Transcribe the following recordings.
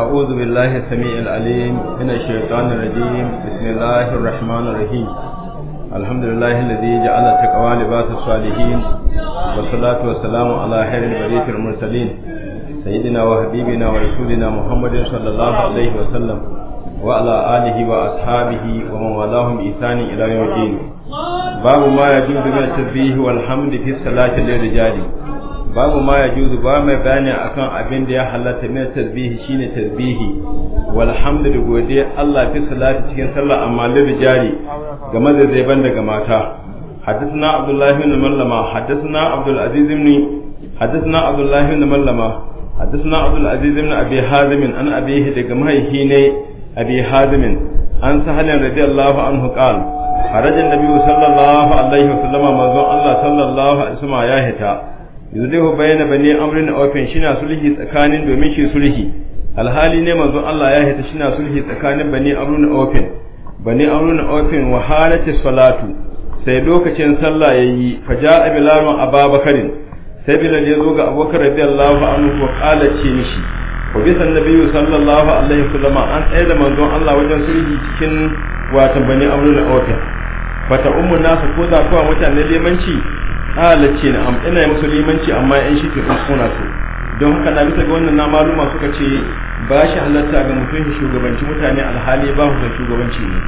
أعوذ بالله السميع العليم من الشيطان الرجيم بسم الله الرحمن الرحيم الحمد لله الذي جعل التقوى لباس الصالحين والصلاة والسلام على خير البريث المرسلين سيدنا وحبيبنا ورسولنا محمد صلى الله عليه وسلم وعلى آله وأصحابه ومن والاهم بإحسان إلى يوم الدين باب ما يجوز من التسبيح والحمد في الصلاة للرجال babu ma ya juzu ba mai bayani akan abin da ya halatta min tarbihi shine tarbihi walhamdu godiya Allah fi salati cikin sallah amma da jari ga da ban daga mata حدثنا عبد الله بن ملما حدثنا عبد العزيز بن حدثنا عبد الله بن ملما حدثنا عبد العزيز بن ابي حازم عن ابيه daga mahaihi ne abi حازم عن سهل رضي الله عنه قال خرج النبي صلى الله عليه وسلم منذ الله صلى الله عليه yuzlihu bayna bani amrin shi shina sulhi tsakanin domin shi sulhi alhali ne manzo Allah ya hita shina sulhi tsakanin bani amrin awfin bani amrin ofin wa halati salatu sai lokacin sallah yayi faja'a bilalun abubakar sai bilal ya zo ga abubakar radiyallahu anhu wa qala ce mishi wa bisa nabiyyu sallallahu alaihi wasallam an tsaye da manzo Allah wajen sulhi cikin watan bani amrin ofin fata ummu nasu ko za kuwa mutane limanci halacce na amma ina musu limanci amma yan shi ke suna so don haka na bisa ga wannan na maluma suka ce ba shi halatta ga mutum shi shugabanci mutane alhali ba su shugabanci ne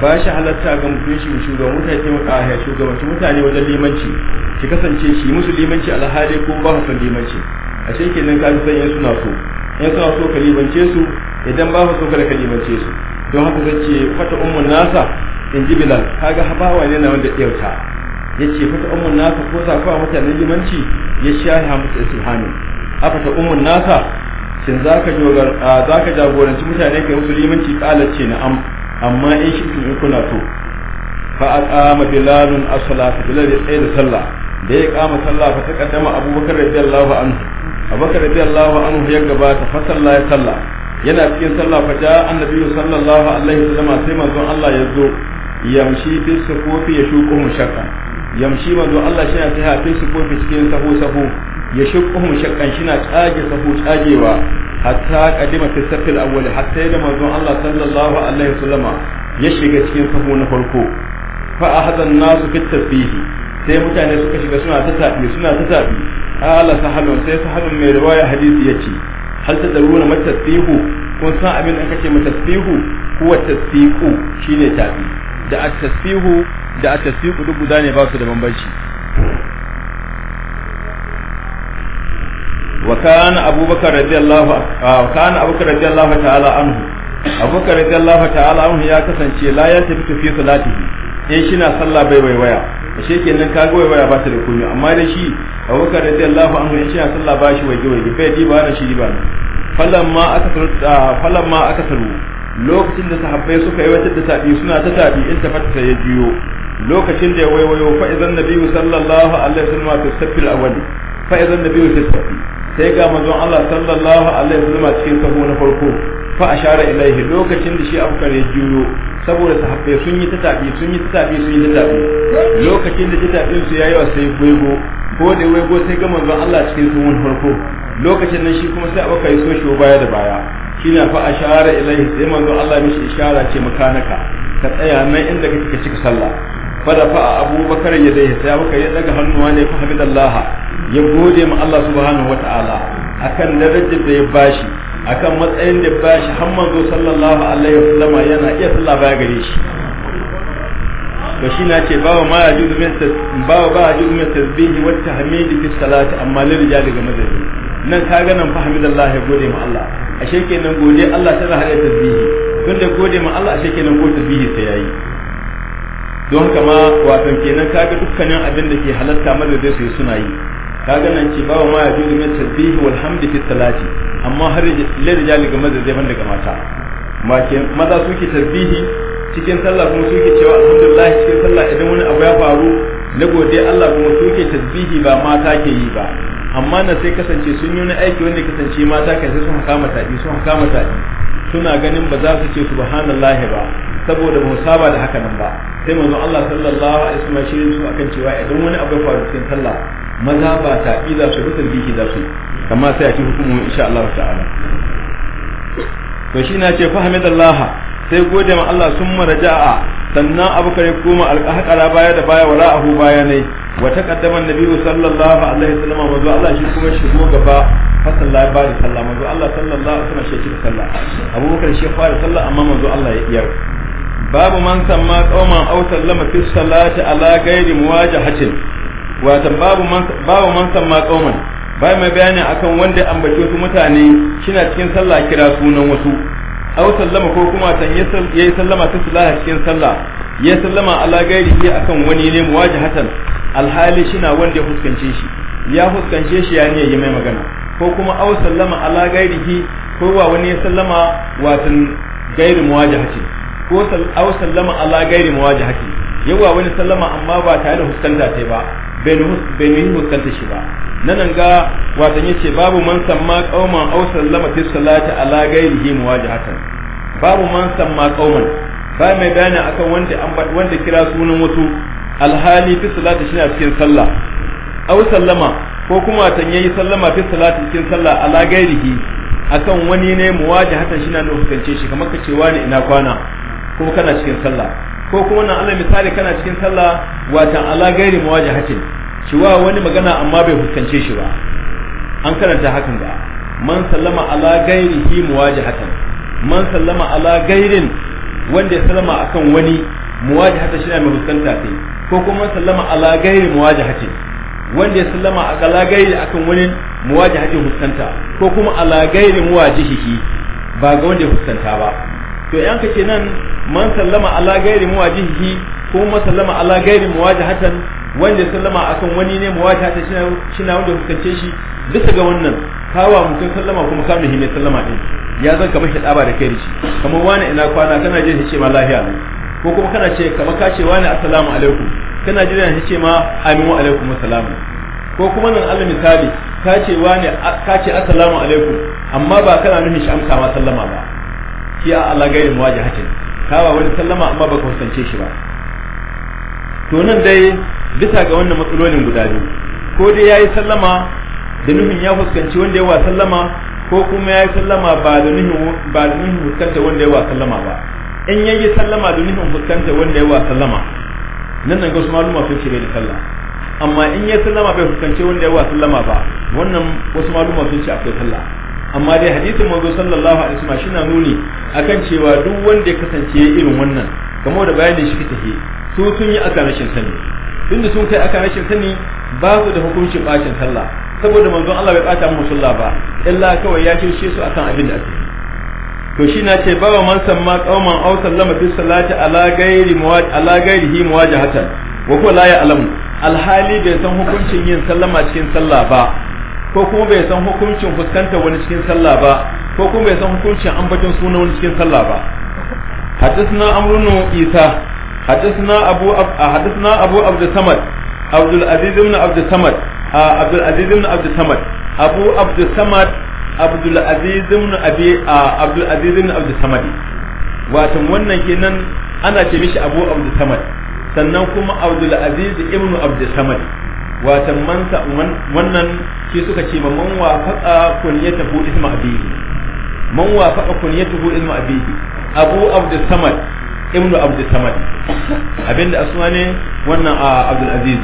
ba shi halatta ga mutum shi shugaban mutane taimaka ya shugabanci mutane wajen limanci ki kasance shi musu limanci alhali ko ba su limanci a ce kenan ka san yan suna so yan suna so ka limance su idan ba su so ka limance su don haka zai ce fata ummun nasa in ji bilal kaga habawa ne na wanda ɗauka ya yace fata ummun nasa ko za zafa mutanen limanci ya shaha musu istirhami afa ta ummun nasa shin zaka jogar ka jagoranci mutane kai musu limanci kala ce na am amma in shi kun kuna to fa aqama bilalun as-salata bilal ya tsaya da sallah da ya kama sallah fa ta kaddama abubakar radiyallahu anhu abubakar radiyallahu anhu ya gabata fa sallah ya sallah yana cikin sallah fa ja annabi sallallahu alaihi wasallam sai manzon Allah ya zo yamshi fi sufufi ya shuku mushakka yamshi manzo Allah shi ya ta hafi su kofi cikin sahu sahu ya shukuhum shakkan shi na tsage sahu tsagewa hatta kadima fi safil awwal hatta da manzo Allah sallallahu alaihi wasallama ya shiga cikin sahu na farko fa ahadan nasu fi tasbihi sai mutane suka shiga suna ta tafi suna ta tafi ala sahalun sai sahalun mai riwaya hadisi yace hal tadaruna matasbihu kun san abin da kace matasbihu huwa tasbihu shine tafi da at-tasbihu da a tasdiqu duk guda ne ba su da bambanci wa kana abubakar radiyallahu wa kana abubakar radiyallahu ta'ala anhu abubakar radiyallahu ta'ala anhu ya kasance la ya tafi fi salatihi in shi na sallah bai bai waya. ashe kenan kaga waya ba ta da komai amma da shi abubakar radiyallahu anhu in shi na sallah ba shi waje waje bai diba na shi diba falamma aka falamma aka saru lokacin da sahabbai suka yi wata da tabi suna ta tabi in ta fata sai ya jiyo lokacin da ya waiwayo fa idan nabiyyu sallallahu alaihi wasallam fi safil awwal fa idan nabiyyu fi safi sai ga manzon Allah sallallahu alaihi wasallam cikin sabo na farko fa ashara ilaihi lokacin da shi abubakar ya juyo saboda sahabbai sun yi tatabi sun yi tatabi sun yi tatabi lokacin da tatabin su yayi wa sai gwego ko da gwego sai ga manzon Allah cikin sabo na farko lokacin nan shi kuma sai abubakar ya so shi baya da baya shine fa ashara ilaihi sai manzon Allah mishi ishara ce makanaka ka tsaya nan inda kake cika sallah fadafa abu bakar ya dai sai abu ya daga hannuwa ne fa hamidallah ya gode ma Allah subhanahu wataala akan darajar da ya bashi akan matsayin da bashi har manzo sallallahu alaihi wasallama yana iya sallah baya gare shi to shi na ce bawa ma ya juzu min bawa ba ya juzu min tasbihi wa tahmidi fi salati amma lil rijali ga mazaji nan ga nan fa hamidallah ya gode ma Allah ashe kenan gode Allah tana hada tasbihi tunda gode ma Allah ashe kenan gode tasbihi sai yayi don kama wato kenan kaga dukkanin abin da ke halatta da su suna yi kaga nan ce bawa ma ya juzu mai tasbihi wal hamdi fi salati amma har rijali ga zai banda ga mata maza suke tasbihi cikin sallah kuma suke cewa alhamdulillah cikin sallah idan wani abu ya faru na gode Allah kuma suke tasbihi ba mata ke yi ba amma na sai kasance sun yi wani aiki wanda kasance mata kai sai sun kama taɗi sun kama taɗi suna ganin ba za su ce subhanallahi ba saboda mu saba da haka nan ba sai manzo Allah sallallahu alaihi wasallam shirin su akan cewa idan wani abu ya faru cikin sallah maza ba ta iza su rusul biki da su kamar sai a ci hukumu insha Allah ta'ala to shi na ce fahimidallah sai gode ma Allah sun maraja'a sannan abu kare kuma alƙahƙara baya da baya wala ahu baya ne wa taqaddama nabiyyu sallallahu alaihi wasallam wa Allah shi kuma shigo gaba fasalla ba da sallah manzo Allah sallallahu alaihi wasallam shi ke sallah Abubakar shi fara sallah amma manzo Allah ya iyar babu man sama qauman aw sallama fi salati ala ghairi muwajahatin wato babu man babu man sama qauman bai mai bayani akan wanda ambaci su mutane kina cikin sallah kira sunan wasu aw sallama ko kuma san yayi sallama ta salati cikin sallah ya sallama ala gairi akan wani ne muwajahatan alhali shina wanda ya shi ya fuskance shi ya ne yi mai magana ko kuma aw sallama ala gairihi ko wa wani ya sallama wato gairi muwajahatin ko au sallama ala gairi haki yawa wani sallama amma ba tare da huskanta ta ba bai nuhi huskanta shi ba nan ga watan yace babu man samma kauman au sallama fi salati ala mawaji muwajahatan babu man samma kauman ba mai bayani akan wanda wanda kira sunan wasu alhali fi salati shi cikin sallah au sallama ko kuma tan yayi sallama fi salati cikin sallah ala gairihi akan wani ne hatan shi na nufin huskance shi kamar ka cewa ne ina kwana kuma kana cikin sallah ko kuma na Allah misali kana cikin sallah watan ala gairi shi cewa wani magana amma bai fuskance shi ba an karanta hakan ba man sallama ala gairi gairihi muwajahatan man sallama ala gairin wanda ya sallama akan wani muwajahata shi na mai fuskanta sai ko kuma sallama ala gairi muwajahati wanda ya sallama a ala gairi akan wani muwajahati fuskanta ko kuma ala gairi muwajihihi ba ga wanda ya fuskanta ba to yanka kace nan man sallama ala gairi muwajihi ko man sallama ala gairi muwajihatan wanda sallama akan wani ne muwajihatan shi na wanda fuskance shi bisa ga wannan kawa mutum sallama kuma kanu hi mai sallama din ya zan kamar shi ba da kai shi kamar wani ina kwana kana jin shi ce ma lahiya ko kuma kana ce kamar ka ce wani assalamu alaikum kana jiran shi ce ma wa alaikum assalam ko kuma nan Allah misali ka ce wani ka ce assalamu alaikum amma ba kana nufin shi amsa ma sallama ba ki a Allah gairin waje hakin kawa wani sallama amma baka kusance shi ba to nan dai bisa ga wannan matsalolin guda biyu ko dai yayi sallama da nufin ya fuskanci wanda ya wa sallama ko kuma yayi sallama ba da nufin ba da nufin fuskanta wanda ya wa sallama ba in yayi sallama da nufin fuskanta wanda ya wa sallama nan nan ga wasu maluma sun ce bai da sallah amma in yayi sallama bai fuskanci wanda ya wa sallama ba wannan wasu maluma sun ce akwai sallah amma dai hadisin manzo sallallahu alaihi wasallam shina nuni akan cewa duk wanda ya kasance irin wannan kamar da bayanin shi take su sun yi aka rashin sani tunda sun kai akan rashin sani babu da hukuncin bacin sallah saboda manzon Allah bai bata musu sallah ba illa kawai ya kirshe su akan abin da ake to shi na ce bawa man samma qauman aw sallama fi salati ala ghairi muwaj ala ghairihi muwajahatan wa huwa la alamu alhali bai san hukuncin yin sallama cikin sallah ba ko kuma bai san hukuncin fuskanta wani cikin sallah ba ko kuma bai san hukuncin ambaton suna wani cikin sallah ba حدثنا عمرو بن عيسى حدثنا ابو أب... حدثنا ابو عبد الصمد عبد العزيز بن عبد الصمد عبد العزيز بن عبد الصمد ابو عبد الصمد عبد العزيز بن ابي عبد العزيز بن عبد الصمد wato wannan kenan ana ce mishi abu abdul samad sannan kuma abdul aziz ibn abdul samad watan manta wannan shi suka ce man wafaqa kunyatahu isma abihi man wafaqa kunyatahu isma abihi abu abd samad ibnu abd samad abinda asuna ne wannan a abdul aziz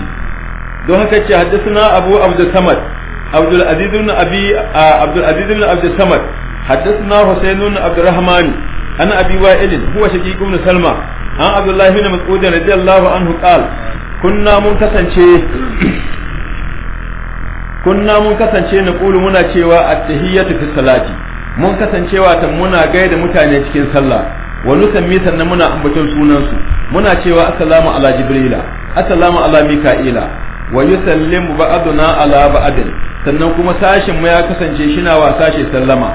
don haka ce haddathana abu abd samad abdul aziz samad حدثنا حسين بن عبد الرحمن عن ابي وائل هو شقيق بن سلمى عن عبد الله بن مسعود رضي الله عنه قال kunna mun kasance kunna mun kasance na ƙulu muna cewa at-tahiyyatu fi salati mun kasancewa ta muna gaida mutane cikin sallah wa nusammi sannan muna ambaton sunan su muna cewa assalamu ala jibrila assalamu ala mika'ila wa yusallimu ba'duna ala ba'din sannan kuma sashin mu ya kasance shina wa sashi sallama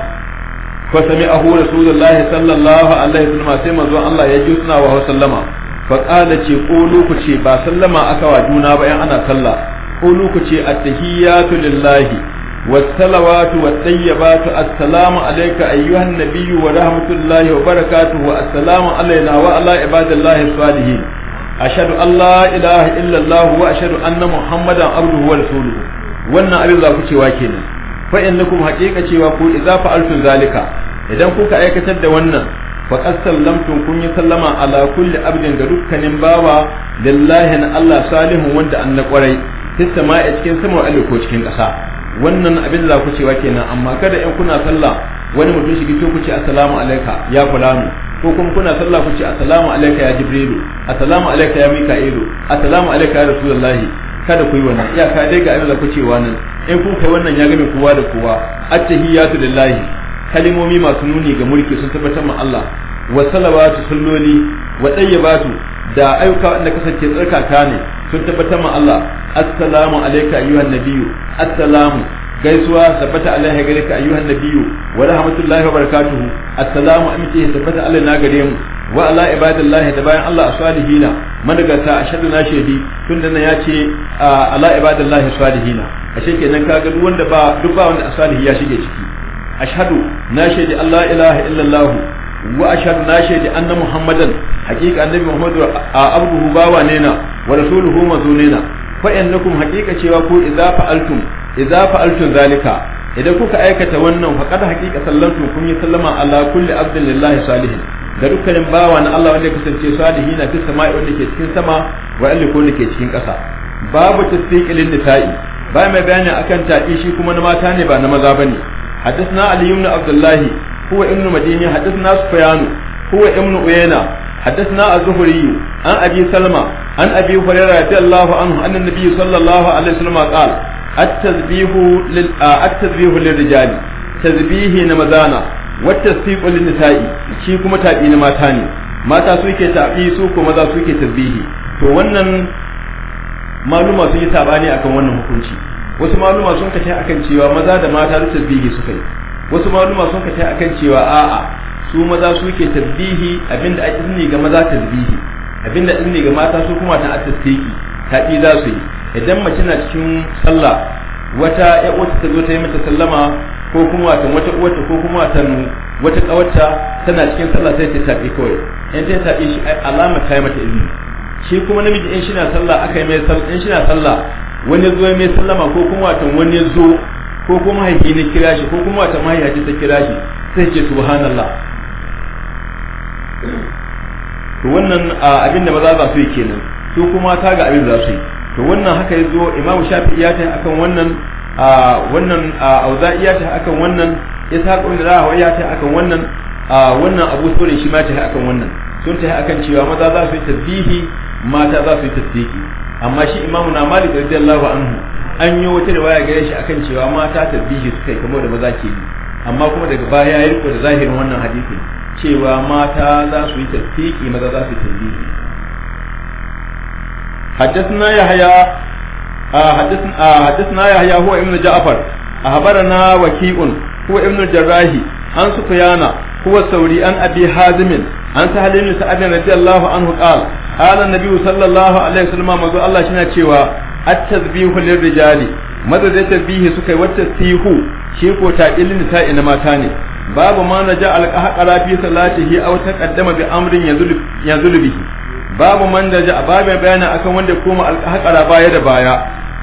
fa sami'ahu rasulullahi sallallahu alaihi wasallam sai manzo Allah ya ji suna wa sallama faƙala ce ko ku ce ba sallama aka wa juna ba yan ana sallah ko ku ce attahiyatu lillahi wassalawatu wattayyibatu assalamu alayka ayyuhan nabiyyu wa rahmatullahi wa barakatuhu wa assalamu alayna wa ala ibadillahi salihin ashhadu an la ilaha illa allah wa ashhadu anna muhammadan abduhu wa rasuluhu wannan abin za ku cewa kenan fa innakum haqiqa cewa ku idza fa'altum zalika idan kuka aikatar da wannan wa qad kun yi sallama ala kulli abdin ga dukkanin bawa lillahi na Allah salihun wanda an na kwarai fi sama'i cikin sama wa ko cikin ƙasa wannan abin da ku cewa kenan amma kada in kuna sallah wani mutum shi gito ku ce assalamu alayka ya fulani ko kuma kuna sallah ku ce assalamu alayka ya jibrilu assalamu alayka ya mika'ilu assalamu alayka ya rasulullahi kada ku yi wannan iyaka dai ga abin da ku cewa nan in kun kai wannan ya game kowa da kowa attahiyatu lillahi kalimomi masu nuni ga mulki sun tabbatar ma Allah wa salawatu salloli wa tayyibatu da ayyuka wanda kasance tsarkaka ne sun tabbatar ma Allah assalamu alayka ayyuhan nabiyyu assalamu gaisuwa tabbata alaihi gare ka ayyuhan nabiyyu wa rahmatullahi wa barakatuhu assalamu amince tabbata Allah na gare mu wa ala ibadillahi da bayan Allah salihina madagata ashadu na shedi tunda nan ya ce ala ibadillahi salihina ashe kenan kaga duk wanda ba duk ba wanda asalihi ya shige ciki ashhadu na shaidi Allah ilaha illallah wa ashhadu na shaidi anna muhammadan haqiqa annabi muhammadu a abduhu bawa ne na wa rasuluhu mazunina fa innakum haqiqa cewa ku idza fa'altum idza fa'altum zalika idan kuka aikata wannan fa qad haqiqa sallatu kun yi sallama ala kulli abdin lillahi salihin ga dukkanin bawa na Allah wanda ya kasance salihi na fi sama'i wanda ke cikin sama wa alli ko wanda ke cikin ƙasa babu tasdiqil nisa'i ba mai bayani akan ta'i shi kuma na mata ne ba na maza bane حدثنا علي بن عبد الله هو ابن مديني حدثنا سفيان هو ابن عيينة حدثنا الزهري عن أبي سلمة عن أبي هريرة رضي الله عنه أن النبي صلى الله عليه وسلم قال التسبيح لل التسبيح للرجال تسبيح نمذانا والتسبيح للنساء شي كما تابي ماتا ne mata suke tabi su kuma za suke tasbihi to wannan maluma sun yi sabani akan wannan hukunci wasu maluma sun kace akan cewa maza da mata su tasbihi suka yi wasu maluma sun kace akan cewa a'a su maza suke tasbihi abinda ake izini ga maza tasbihi abinda izini ga mata su kuma ta tasbihi tafi za su yi idan mace na cikin sallah wata ya uwarta ta zo ta yi mata sallama ko kuma wata wata wata ko kuma wata wata kawarta tana cikin sallah sai ta tafi kawai in ta tafi shi alama ta yi mata izini shi kuma namiji in shi na sallah aka yi mai sallah in shi na sallah wani zo mai sallama ko kuma wata wani zo ko kuma haifi na kira shi ko kuma wata mahaifi ta kira shi sai ce subhanallah to wannan abin da maza a su yi kenan su kuma ta ga abin za su yi to wannan haka ya zo imam shafi'i ya ta akan wannan wannan auza'i ya ta akan wannan ishaq ibn rahawa ya ta akan wannan a wannan abu sore shi ma ta akan wannan sun ta akan cewa maza za su yi tasbihi mata za su yi tasbihi amma shi imamu na malik radiyallahu anhu an yi wata riwaya gare shi akan cewa mata tasbihi suka yi kamar da maza ke yi amma kuma daga baya ya riko da zahirin wannan hadisi cewa mata za su yi tasbihi maza za su yi tasbihi حدثنا يحيى حدثنا حدثنا يحيى هو ابن جعفر أخبرنا وكيء هو ابن الجراح عن سفيان هو الثوري عن أبي حازم عن سهل بن سعد رضي الله عنه قال qala nabiyyu sallallahu alaihi wasallam manzo Allah shi na cewa at-tazbihu lirrijali madadin tasbihi suka yi wata sihu shi ko ta ilin ta na mata ne babu ma naja al-qahqara fi salatihi aw taqaddama bi amrin yazulu bihi babu man da ja babu bayana akan wanda koma al-qahqara baya da baya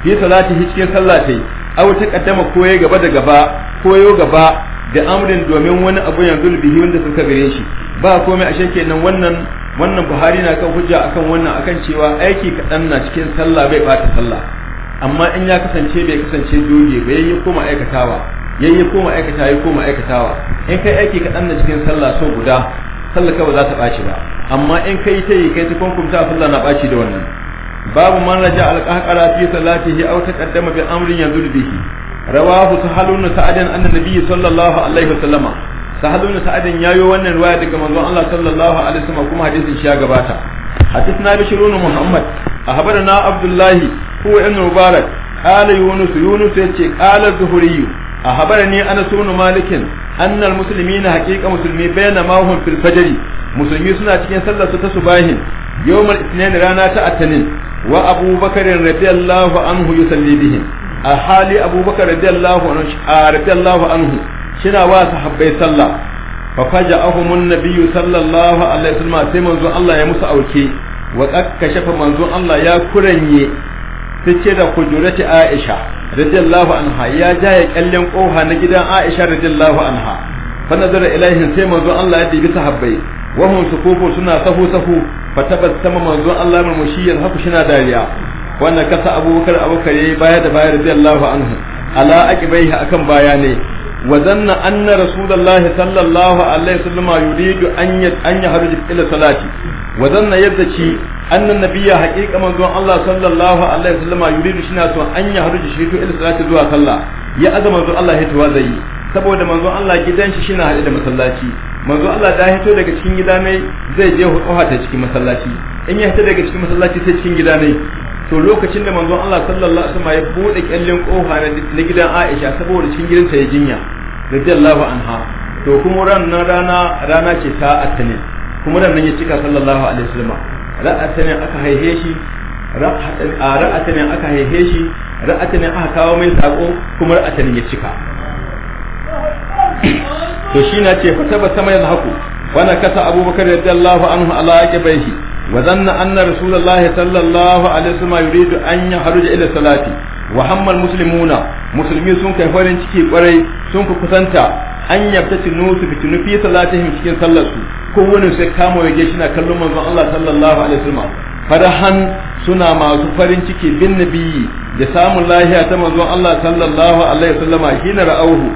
fi salatihi cikin sallatai aw taqaddama koyo gaba da gaba koyo gaba da amrin domin wani abu yanzu bihi wanda suka gare shi ba komai ashe nan wannan wannan buhari na kan hujja akan wannan akan cewa aiki kaɗan na cikin sallah bai bata sallah amma in ya kasance bai kasance doge ba yayi ko aikatawa yayi ko aikata yayi ko aikatawa. in kai aiki kaɗan na cikin sallah so guda sallah kawai za ta ɓaci ba amma in kai ta yi kai ta kunkunta sallah na ɓaci da wannan babu man raja alqahqara fi salatihi aw taqaddama bi amrin yanzu bihi rawahu sahalun sa'adan anna nabiy sallallahu alaihi wasallama sahalu ne sa'adin yayo wannan riwaya daga manzon Allah sallallahu alaihi wasallam kuma hadisin shi ya gabata hadisna bishrun muhammad ahbarana abdullahi huwa ibn mubarak qala yunus yunus yace qala zuhri ahbarani ana sunu malikin anna almuslimina haqiqa muslimi bayna ma hum fil fajr musulmi suna cikin sallar su ta subahin yawmal ithnin rana ta atanin wa abubakar radiyallahu anhu yusalli bihim a abubakar radiyallahu anhu radiyallahu anhu shina wa sahabbai sallah fa faja'ahum nabiyyu sallallahu alaihi wasallam sai manzon Allah ya musu auke wa kakkashafa manzon Allah ya kuranye fice da kujurati Aisha radiyallahu anha ya ja ya koha na gidan Aisha radiyallahu anha fa nazara sai manzon Allah ya dibi sahabbai wa hum sukufu suna sahu sahu fa tabassama manzon Allah murmushiyan haku shina dariya wannan kasa Abubakar Abubakar yayi baya da baya radiyallahu anhu ala akan baya ne وظن أن رسول الله صلى الله عليه وسلم يريد أن أن يخرج إلى الصلاة وظن يبتشي أن النبي حقيقة من دون الله صلى الله عليه وسلم يريد شناس أن يخرج شيخ إلى الصلاة دوا صلى يا أدم من الله هتوا زي saboda manzon Allah gidan shi shina haɗe da masallaci manzon Allah da hito daga cikin gida ne zai je hudu ta cikin masallaci in ya hita daga cikin masallaci sai cikin gida mai. to lokacin da manzon Allah sallallahu alaihi wasallam ya bude kyallin kofa na gidan Aisha saboda cikin gidanta ya jinya radiyallahu anha to kuma ranar rana rana ce ta Attanin kuma nan ya cika sallallahu alaihi wasallam ra'atanin aka haihe shi ra'atanin aka haihe shi ra'atanin aka kawo mai sako kuma ra'atanin ya cika to shi na ce fa tabbata sama yanzu ونكس أبو بكر رضي الله عنه على عقبيه وظن أن رسول الله صلى الله عليه وسلم يريد أن يخرج إلى الصلاة وهم المسلمون مسلمين سنك فرن تكي قري سنك كسنتا an yabtaci nusu fitinu fi salatihim cikin sallar kowane sai kama yake shi na kallon manzon Allah sallallahu alaihi wasallam farahan suna masu farin ciki bin nabiyyi da samun lahiya ta manzon Allah sallallahu alaihi wasallam hina ra'auhu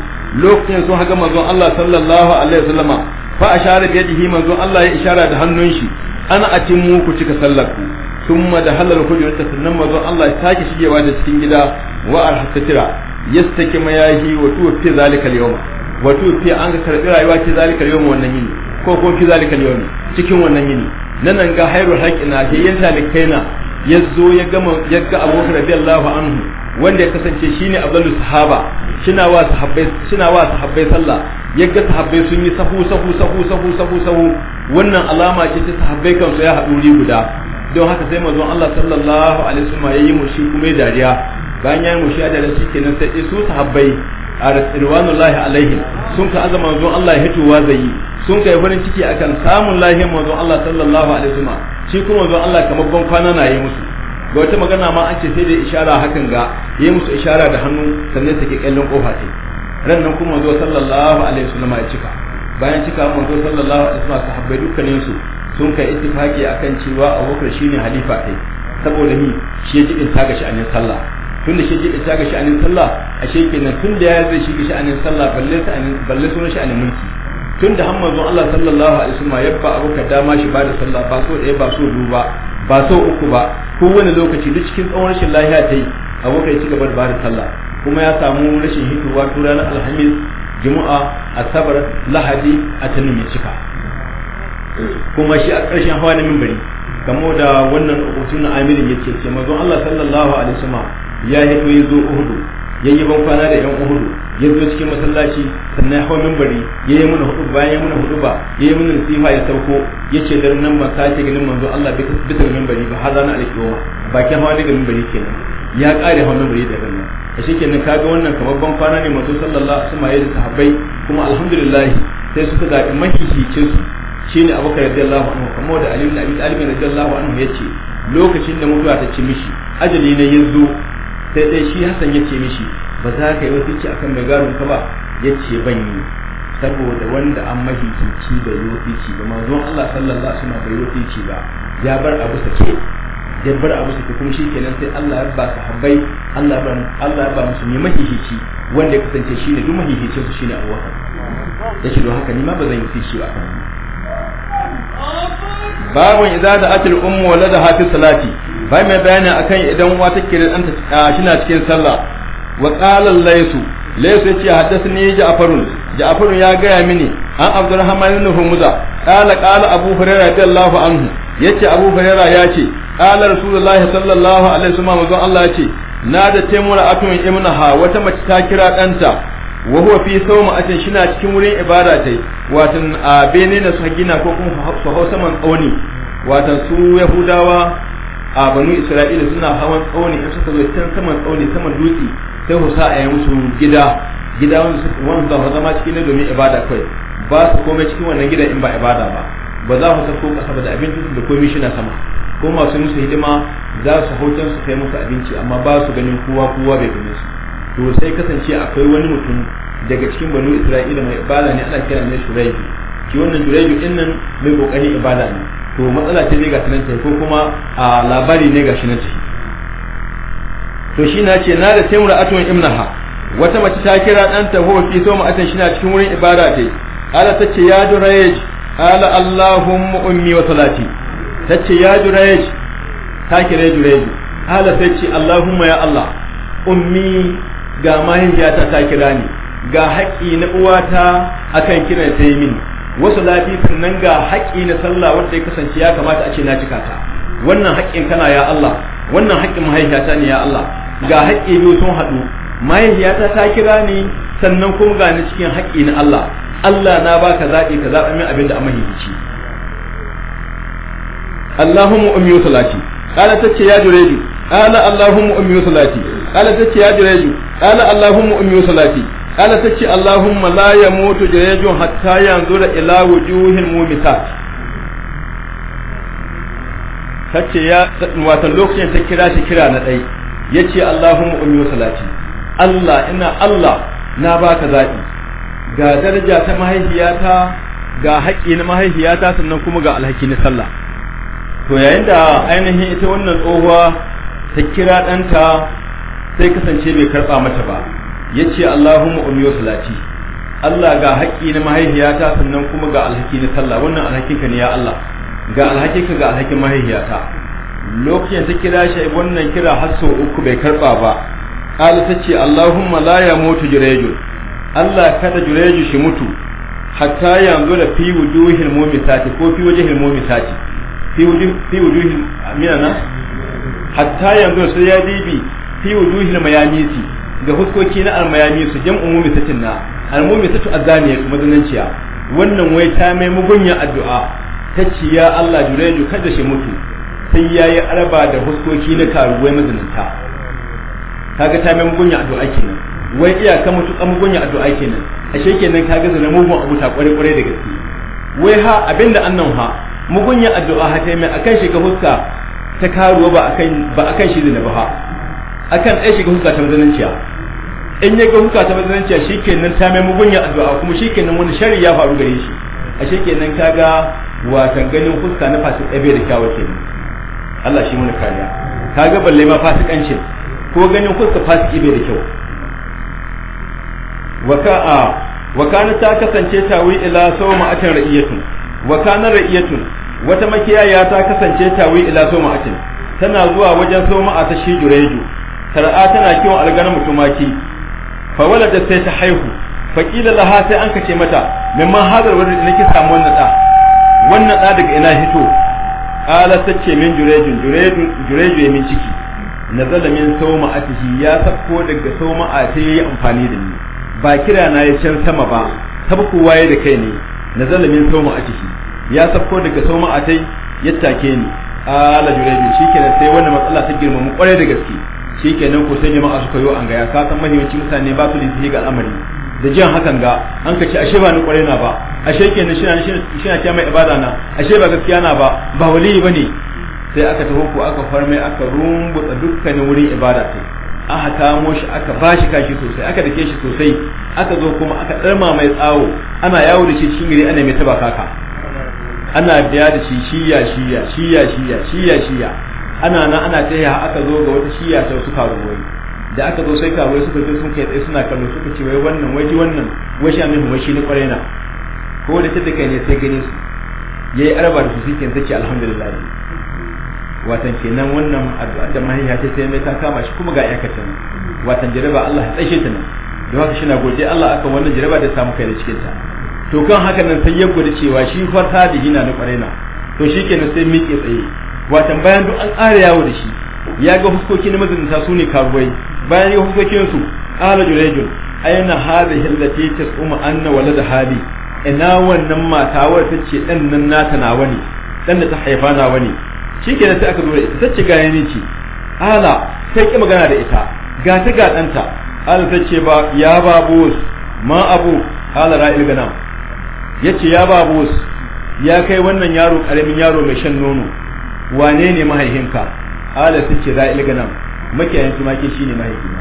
lokacin sun haga manzon Allah sallallahu alaihi wasallam fa ashara bi yadihi manzo Allah ya ishara da hannun shi ana mu ku cika sallar ku thumma da halal ku jira ta sannan manzo Allah ya sake shigewa da cikin gida wa arhatatira yastaki mayahi wa fi zalika al-yawma wa tuwfi an ga karbi rayuwa ki zalika al-yawma wannan yini ko ko fi zalika al-yawmi cikin wannan yini nan nan ga hairul haqina ke yanta likaina ya zo ya gama ya ga Abu Hurairah radiyallahu anhu wanda ya kasance shine afdalus sahaba shina wa sahabbai shina wa sahabbai sallah yagga sahabbai sun yi sahu sahu sahu sahu sahu sahu wannan alama ce ta sahabbai kansu ya haɗu wuri guda don haka sai manzon Allah sallallahu alaihi wasallam yayi mushi kuma ya dariya bayan yayi mushi a dariya kenan sai su sahabbai ridwanullahi alaihi sun ka azama manzon Allah ya hitowa zai sun kai farin ciki akan samun lahiyar manzon Allah sallallahu alaihi wasallam shi kuma manzon Allah kamar ban kwana na yi musu ga wata magana ma an ce sai da ishara hakan ga yi musu ishara da hannu sannan take kallon kofa ce ran nan kuma zo sallallahu alaihi wasallam ya cika bayan cika mun zo sallallahu alaihi wasallam sahabbai dukkanin su sun kai ittifaki akan cewa Abubakar shine halifa kai saboda ni shi ya jibin taga sha'anin sallah tun da shi jibin taga sha'anin sallah a kenan tun da ya zai shi sha'anin sallah balle sha'anin balle sunan anin mulki tun da hamman Allah sallallahu alaihi wasallam ya ba Abubakar dama shi ba da sallah ba so da ya ba so duba ba sau uku ba ko wani lokaci duk cikin tsawon rashin lahiya ta yi abokai ci gaba da bada sallah kuma ya samu rashin hituwa tun ranar alhamis juma'a asabar lahadi a tanin mai cika kuma shi a ƙarshen hawa na mimbari kamo da wannan ukutun na amirin ya ce ce mazon allah sallallahu alaihi wasallam ya yi ya zo uhudu yayi ban kwana da yan uhudu ya zo cikin masallaci sannan ya hau mimbari ya yi mana hudu bayan ya mana hudu ba ya yi mana nasiha ya sauko ya ce garin nan sa sake ganin manzo Allah bisa ga minbari ba har ranar alkiyoma bakin hawa daga minbari kenan ya ƙare hau mimbari da nan a ka ga wannan kamar ban kwana ne manzo sallallahu alaihi wasallam ya da sahabbai kuma alhamdulillah sai suka zaɓi mahihicin su shine da radiyallahu anhu kamar da ali ibn abi talib radiyallahu anhu yace lokacin da mutuwa ta ci mishi ajali ne yanzu. sai dai shi hasan ya ce mishi ba za ka yi wasiki akan mai garin ka ba ya ce ban yi saboda wanda an mahikici da yi ci ba manzon Allah sallallahu alaihi wasallam bai wasiki ba ya bar abu sake ya bar abu sake kuma shi kenan sai Allah ya ba sahabbai Allah Allah ya ba musu ne mahihici wanda ya kasance shi ne duk mahihicin su shine ya yace don haka ni ma ba zan yi wasiki ba babun idza da atil ummu ladaha hafi salati bai mai bayani akan idan uwa take da ɗanta shina cikin sallah wa qala laysu laysu yace hadathni ja'farun ja'farun ya gaya mini an abdurrahman ibn humza qala qala abu hurairah radiyallahu anhu yace abu hurairah yace qala rasulullahi sallallahu alaihi wasallam wa Allah yace na da taimura atun ha wata mace ta kira ɗanta wa huwa fi sawma atin shina cikin wurin ibada tai watan abene na su gina ko kuma su hausa man tsauni watan su yahudawa a banu isra'ila suna hawan tsauni in suka zo can saman tsauni saman dutse sai ku sa a yi musu gida gida wanda suka wanda zama cikin ne domin ibada kai ba su komai cikin wannan gida in ba ibada ba ba za ku sako kasa ba da abincin da komai shi na sama ko masu musu hidima za su hau can su kai musu abinci amma ba su ganin kowa kowa bai gane su to sai kasance akwai wani mutum daga cikin banu isra'ila mai ibada ne ana kira ne shuraiji shi wannan shuraiji din nan mai kokarin ibada ne to matsala ce ne ga nan ko kuma a labari ne ga shi ciki to shi na ce na da sai mura'atun imnaha wata mace ta kira ɗanta ko fi so ma'atan shi na cikin wurin ibada ta ala ta ce ya durayj ala allahumma ummi wa salati ta ce ya durayj ta kira durayj ala ta ce allahumma ya allah ummi ga mahaifiyata ta kira ni ga haƙƙi na uwata akan kiran sai mini wasu lafi sannan ga haƙƙi na sallah wanda ya kasance ya kamata a ce na cika ta wannan haƙƙin kana ya Allah wannan haƙƙin mahaifiyata ne ya Allah ga haƙƙi biyu sun haɗu mahaifiyata ta kira ni sannan kuma ga ni cikin haƙƙi na Allah Allah na baka zaɓi ka zaɓa min abin da an mahimmanci Allahumma ummi salati qala tace ya jureju qala Allahumma ummi salati qala tace ya jureju qala Allahumma ummi salati kala ta ce Allahumma la ya mutu jirejun hatta yanzu da ila wujuhin mumita ta ce ya watan lokacin ta kira shi kira na ɗai ya ce Allahumma ummi salati Allah ina Allah na baka zaɓi ga daraja ta mahaifiyata ga haƙƙi na mahaifiyata sannan kuma ga alhaki na sallah to yayin da ainihin ita wannan tsohuwa ta kira ɗanta sai kasance bai karɓa mata ba yace Allahumma umiyo salati Allah ga haƙƙi na mahaihiyata sannan kuma ga alhaki na sallah wannan alhakinka ne ya Allah ga alhakinka ga alhakin mahaihiyata lokacin ta kira shi wannan kira har sau uku bai karba ba qala tace Allahumma la ya mutu jurayju Allah kada jurayju shi mutu hatta yanzu da fi wujuhil mu'minati ko fi wajhil mu'minati fi wujuh fi wujuhil minana hatta yanzu sai ya dibi fi wujuhil mayanisi ga huskoki na almayami su jam'u mumisatin na almumisatu azaniya kuma zananciya wannan wai ta mai mugunya addu'a ta ce ya Allah ju kada shi mutu sai yayi araba da huskoki na karuwai mazinanta kaga ta mai mugunya addu'a kenan wai ka mutu ka mugunya addu'a kenan ashe kenan kaga zana mugun abu ta kware kware da gaske wai ha abinda annan ha mugunya addu'a ha ta mai akan shi ga huska ta karuwa ba akan ba akan shi da ba ha akan ɗaya shiga hukata ta mazananciya in ya ga hukata ta mazananciya shikenan ta mai mugunya addu'a kuma shikenan wani shari ya faru gare shi a ka ga watan ganin fuska na fasik ɗabe da kyawa ke Allah shi mana kariya ga balle ma fasikancin ko ganin fuska fasik ɗabe da kyau waka a wakana ta kasance ta wi ila sawma atan ra'iyatun wakana ra'iyatun wata makiyaya ta kasance ta wi ila sawma atin tana zuwa wajen sawma ta shi jureju sar'a tana kiwon alganin tumaki fa walada sai ta haihu fa qila laha sai an kace mata ma hadar da nake samu wannan da wannan da daga ina hito qala sace min jurejin jurejun jureju min ciki nazala min sauma atihi ya sako daga sauma atihi ya amfani da ni ba kira na ya can sama ba tabkowa waye da kai ne nazala min sauma atihi ya sako daga sauma atai ya take ni ala jureju shikenan sai wannan matsala ta girmamu kwarai da gaske shikenan ko sai jama'a suka yi an gaya ka san mutane ba su lissafi ga al'amari da jiyan hakan ga an ka ce ashe ba ni kwarai na ba ashe kenan shina shina ce mai ibada na ashe ba gaskiya na ba ba waliyi ba ne sai aka taho ko aka farmai aka rumbutsa dukkanin wurin ibada sai aka kamo shi aka bashi kashi sosai aka dake shi sosai aka zo kuma aka ɗarma mai tsawo ana yawo da shi cikin gari ana mai taba kaka ana biya da shi shiya shiya shiya shiya shiya shiya ana nan ana taya aka zo ga wata shiya ta wasu karuwai da aka zo sai karuwai suka je sun kai tsaye suna kallo suka ce wai wannan wai ji wannan wai sha min wai shi ni kwarai na ko da tada kai ne sai gani su yayi arba da su shi kenan tace alhamdulillah watan kenan wannan addu'a da mahaifiya ta sai mai ta kama shi kuma ga iyakacin watan jaraba Allah ya tsaye ta nan don haka shi na godiya Allah akan wannan jaraba da samu kai da cikin ta to kan haka nan sai ya gode cewa shi fa da hina na kwarai na to shi kenan sai miƙe tsaye watan bayan duk an ƙara yawo da shi ya ga huskoki na mazinta su ne karuwai bayan ya huskokin su ƙala jurejul aina hada hillati tasuma anna walada hali ina wannan mata wadda ta ce ɗan nan nata nawa ne ɗan da ta haifa nawa ne shi kenan sai aka zo ita ta ce gaya ne ce ala sai ki magana da ita ga ta ga ɗanta ala ta ce ba ya babu ma abu ala ra'il ganam ya ce ya babu ya kai wannan yaro ƙaramin yaro mai shan nono wane ne mahaihinka ala suke ra'il ganam makiyayin tumaki shine mahaihina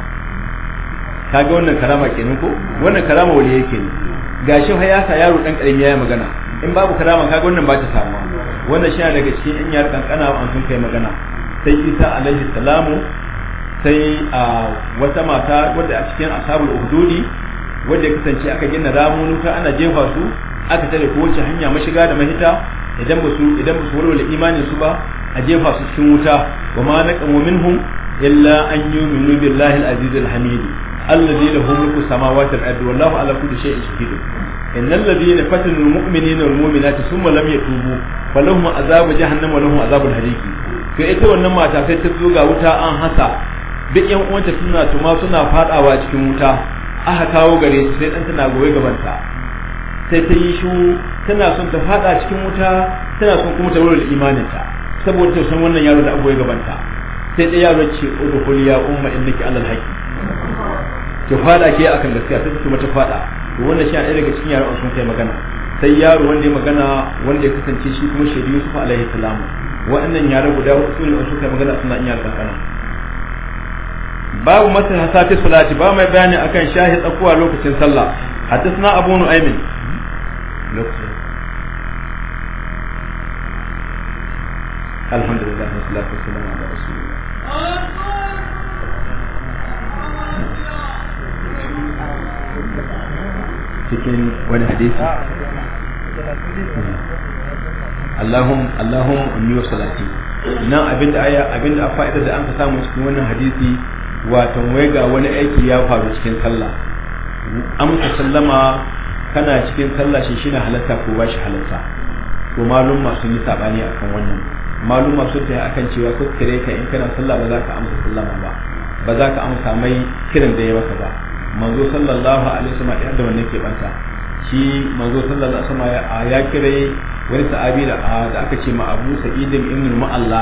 ga wannan karama kenan ko wannan karama wani yake ne gashi fa ya sa yaro dan karami yayi magana in babu karama ka ga wannan ba ta samu wannan shi daga cikin in yar kankana an sun kai magana sai Isa alaihi salamu sai a wata mata wadda a cikin ashabul uhdudi wadda ya kasance aka gina ramunuka ana jefa su aka tare ko wace hanya mashiga da mahita idan ba su idan ba su walwala imanin su ba a jefa su cikin wuta wa ma min minhum illa an yu'minu billahi al-aziz al-hamid alladhi lahu mulku samawati wal ardi wallahu ala kulli shay'in qadir innal ladhina fatanu al-mu'minina wal mu'minati thumma lam yatubu falahum azabu jahannam wa lahum azabul hariq to ita wannan mata sai ta zo ga wuta an hasa duk yan uwanta suna tuma suna fadawa cikin wuta aka kawo gare ta sai dan tana goye gabanta sai ta yi shu tana son ta fada cikin wuta tana son kuma ta wurin imaninta saboda tausan wannan yaro da abuwa gabanta sai ɗaya yaro ce udkhul ya umma innaki alal haqi ki fada ke akan gaskiya sai ki mata fada to wannan shi a ɗaya daga cikin yaran sun kai magana sai yaro wanda ya magana wanda ya kasance shi kuma shaidu Yusuf alaihi salam wa'annan yara guda huɗu su an sun kai magana suna in yara kankana babu matan hasati salati ba mai bayani akan shahi tsakuwa lokacin sallah hadisna abu nu'aymin lokacin alhamdulillah wassalatu wassalamu ala rasulillah cikin wani hadisi Allahum Allahum ummi wa salati Ina abinda aya abinda fa'ida da an samu cikin wannan hadisi wato wai ga wani aiki ya faru cikin sallah amsa sallama kana cikin sallah shi shine halatta ko ba shi halatta to malum masu yi sabani akan wannan maluma sun ta akan cewa ko kire ka in kana sallah ba za ka amsa sallama ba ba za ka amsa mai kiran da ya maka ba manzo sallallahu alaihi wasallam ya da wannan ke banta shi manzo sallallahu alaihi wasallam ya kire wani sahabi da aka ce ma Abu Sa'id ibn Mu'alla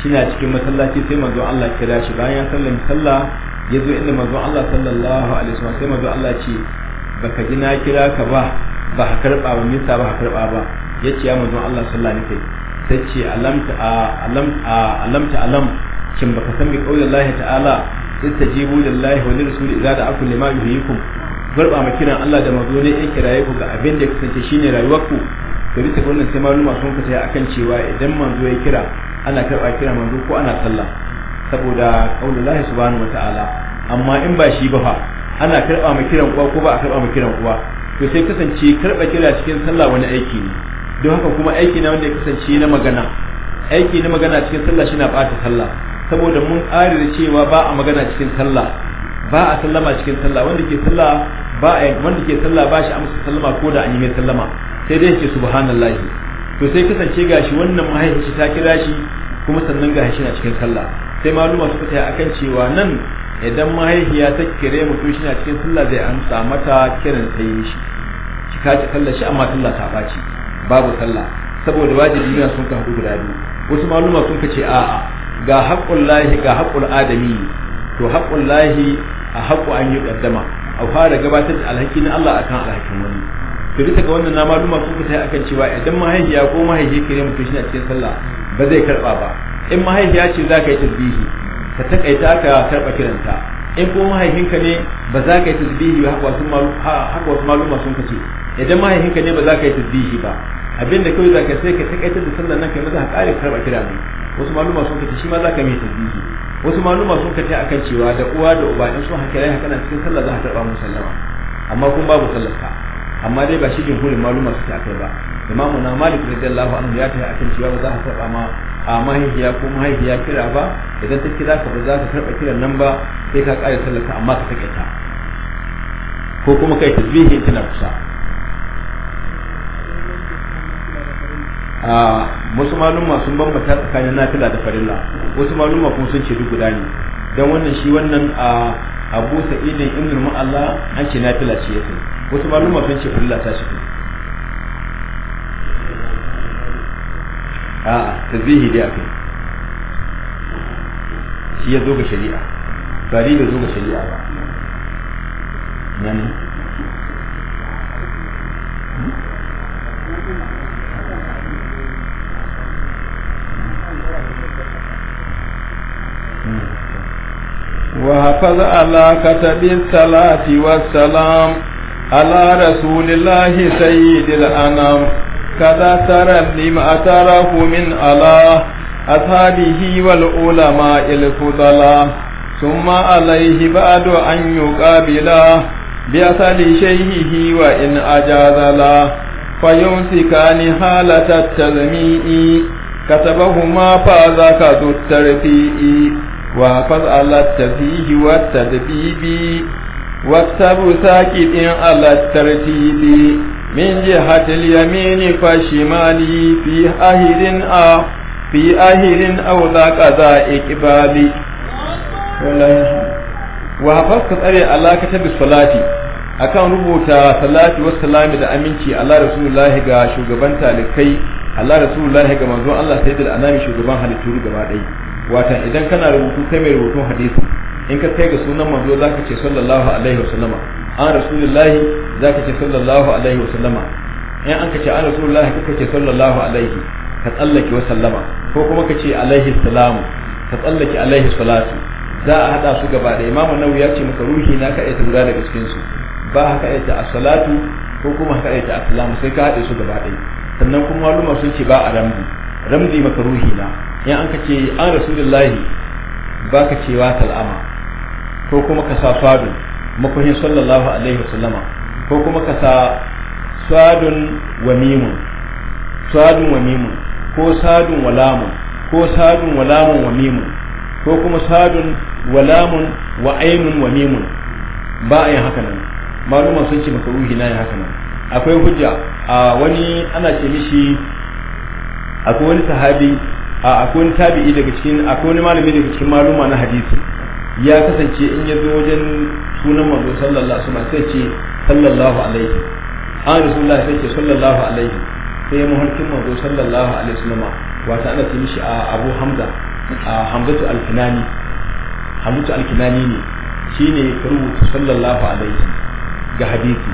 shina cikin masallaci sai manzo Allah kira shi bayan sallan sallah ya zo inda manzo Allah sallallahu alaihi wasallam sai manzo Allah ce baka ji na kira ka ba ba ka karba ba misa ba ka karba ba yace ya manzo Allah sallallahu alaihi wasallam ta ce alamta alamta alam kin baka san bi kaulin Allah ta'ala istajibu lillahi wa lirrasuli idza da'akum lima yuhyikum gurba ma kiran Allah da mazo ne yake raye ku ga abin da ya kasance shine rayuwarku to bisa ga wannan sai maluma sun fita akan cewa idan manzo ya kira ana karba kira manzo ko ana sallah saboda kaulin Allah subhanahu wa ta'ala amma in ba shi ba fa ana karba ma kiran uwa ko ba a karba ma kiran uwa to sai kasance karba kira cikin sallah wani aiki ne don haka kuma aiki na wanda ya kasance na magana aiki na magana cikin sallah shi na ɓata sallah saboda mun ƙare da cewa ba a magana cikin sallah ba a sallama cikin sallah wanda ke sallah ba a wanda ke sallah ba shi amsa sallama ko da an yi mai sallama sai dai yake subhanallahi to sai kasance gashi wannan mahaifaci ta kira shi kuma sannan gashi na cikin sallah sai maluma suka tsaya akan cewa nan idan mahaifiya ta kire mutum shi na cikin sallah zai amsa mata kiran sai shi shi ka ci sallah shi amma sallah ta ce babu sallah saboda wajibi ne sun ka hudu guda biyu wasu maluma sun ka ce a'a ga haƙƙun lahi ga haƙƙun adami to haƙƙun lahi a haƙƙu an yi ƙaddama a fara gabatar da alhaki na Allah akan alhakin wani to bisa ga wannan na maluma sun fita akan cewa idan mahaifiya ko mahaifi kare mutum shi a cikin sallah ba zai karba ba in mahaifiya ce za ka yi tasbihi ka takaita ka karba kiranta in ko mahaifinka ne ba za ka yi tasbihi ba haka wasu maluma sun kace idan mahaifinka ne ba za ka yi tasbihi ba abin da kawai zaka sai ka takaitar da sallar nan kai maza haƙari ka karba kira ne wasu maluma sun kace shi ma zaka mai tasbihi wasu maluma sun kace akan cewa da uwa da uba in sun haka rai haka nan cikin sallah za ka tarba musu sallama amma kun babu sallarka amma dai ba shi hurin maluma suke akai ba imamu na malik radiyallahu anhu ya ta akan cewa ba za ka tarba ma a mahaifiya ko mahaifiya kira ba idan ta za ka ba za ka karba kiran nan ba sai ka ƙara sallarka amma ka takaita ko kuma kai tasbihi tana kusa a wasu malumma sun bambata tsakanin nafila da farilla wasu malumma kuma sun ce duk guda ne dan wannan shi wannan a abu Sa'id ibn Allah, an ce nafila ce yake wasu malumma sun ce farilla ta shigo a tazihi dai akai shi ya zo ga shari'a bari da zo ga shari'a ba nan hmm? وحفظ على كتب الصلاة والسلام على رسول الله سيد الأنام كذا ترى لما أتره من الله أصحابه والعلماء الفضلاء ثم عليه بعد أن يقابلا بأصل شيهه وإن أجاز لا فيمسكان حالة التلميء كتبهما فذاك ذو الترفيء وقد على التفيه والتدبيب واكتب ساكت على الترتيب من جهة اليمين فالشمال في أهل آه في أهل أو ذاك ذا إقبال وحفظت أري على كتب الصلاة akan rubuta salatu wa salami da aminci Allah Rasulullahi ga shugaban talikai Allah Rasulullahi ga manzon Allah sayyidul anami shugaban halittu gaba ɗaya wata idan kana rubutu kai mai rubutun hadisi in ka kai ga sunan manzo zaka ce sallallahu alaihi sallama an rasulullahi zaka ce sallallahu alaihi sallama in an ka ce an rasulullahi kuka ce sallallahu alaihi ka tsallake wa sallama ko kuma ka ce alaihi salamu ka tsallake alaihi salatu za a hada su gaba da imamu nawawi ya ce maka ruhi na ka aita guda daga cikin su ba haka aita as-salatu ko kuma haka aita as-salamu sai ka hade su gaba ɗaya sannan kuma maluma sun ce ba a rambi ramzi ruhi na in an ka ce an rasulullahi ba ka cewa kal'ama ko kuma ka sa fadun makuhin sallallahu alaihi wasallama ko kuma ka sa sadun wa mimun sadun wa mimun ko sadun wa lamun ko sadun wa lamun wa mimun ko kuma sadun wa lamun wa ainun wa mimun ba a yin haka nan maluma sun ce ruhi na yin haka nan akwai hujja a wani ana ce mishi akwai wani sahabi akwai wani tabi'i daga cikin akwai wani malami daga cikin maluma na hadisi ya kasance in ya zo wajen sunan manzo sallallahu alaihi wasallam sai ce sallallahu alaihi an rasulullahi sai ce sallallahu alaihi sai ya muhalkin manzo sallallahu alaihi wasallam wato ana ce mishi abu hamza hamzatu alkinani hamzatu alkinani ne shine ya rubuta sallallahu alaihi ga hadisi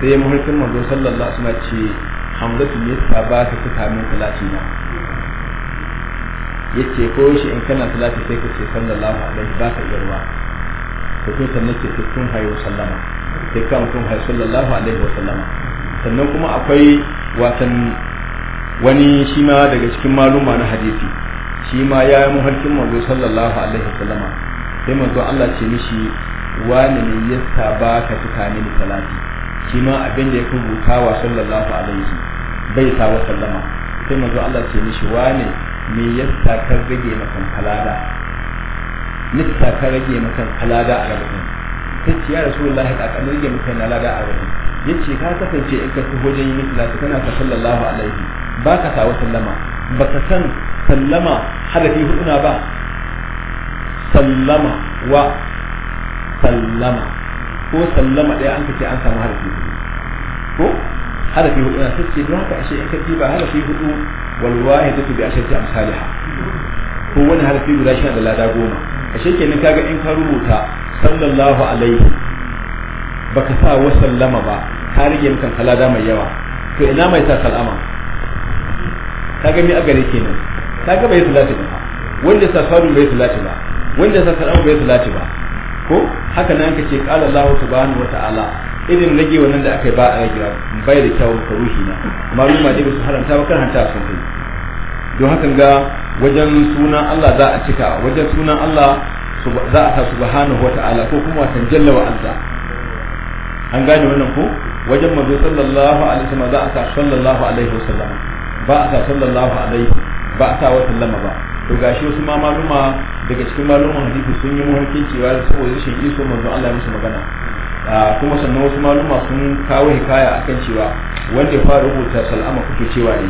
sai ya muhalkin manzo sallallahu alaihi wasallam ce hamdatu ne ta ba ta fita min salati na yace ko shi in kana salati sai ka ce sallallahu alaihi ba ka yarwa to to sannan ke kun hayo sallama sai ka mutum hayu sallallahu alaihi wa sallama sannan kuma akwai watan wani shi ma daga cikin maluma na hadisi shi ma ya yi muhalkin manzo sallallahu alaihi wa sallama sai manzo Allah ce mishi wani ne ya saba ka fita min salati shi ma abin da ya rubuta wa sallallahu alaihi bai sa wa sallama sai manzo Allah ce mishi wane me yasa ka rage makan kalada nista ka rage makan kalada a rabin sai ce ya rasulullahi ka kan rage makan kalada a rabin yace ka kasance in ka taho wajen yin salati kana ta sallallahu alaihi ba ka sa wa sallama ba ka san sallama hadafi huduna ba sallama wa sallama ko sallama ɗaya an kace an samu harafi ko harafi hudu na sace don haka ashe in ka ba harafi hudu wal wahidatu bi ashrati amsalha ko wani harafi guda shi da lada goma ashe kenan kaga in ka rubuta sallallahu alaihi baka sa wa sallama ba ka rage maka kalada mai yawa to ina mai sa salama kaga mi a gare kenan kaga bai salati ba wanda sa faru bai salati ba wanda sa salama bai salati ba ko haka nan kace qala Allahu subhanahu wa ta'ala irin rage wannan da aka ba a rage bai da kyau ka ruhi na amma ma dai su haranta ba hanta sun kai don hakan ga wajen sunan Allah za a cika wajen sunan Allah za a ta subhanahu wa ta'ala ko kuma watan jalla wa azza an gane wannan ko wajen manzo sallallahu alaihi wasallam za a sa sallallahu alaihi wasallam ba a ta sallallahu alaihi ba a ta wa sallama ba to gashi wasu ma maluma daga cikin maluman hadisi sun yi mahaifin cewa saboda rashin iso manzon Allah ya musu magana kuma sannan wasu maluma sun kawo hikaya akan cewa wanda ya fara rubuta sal'ama kuke cewa ne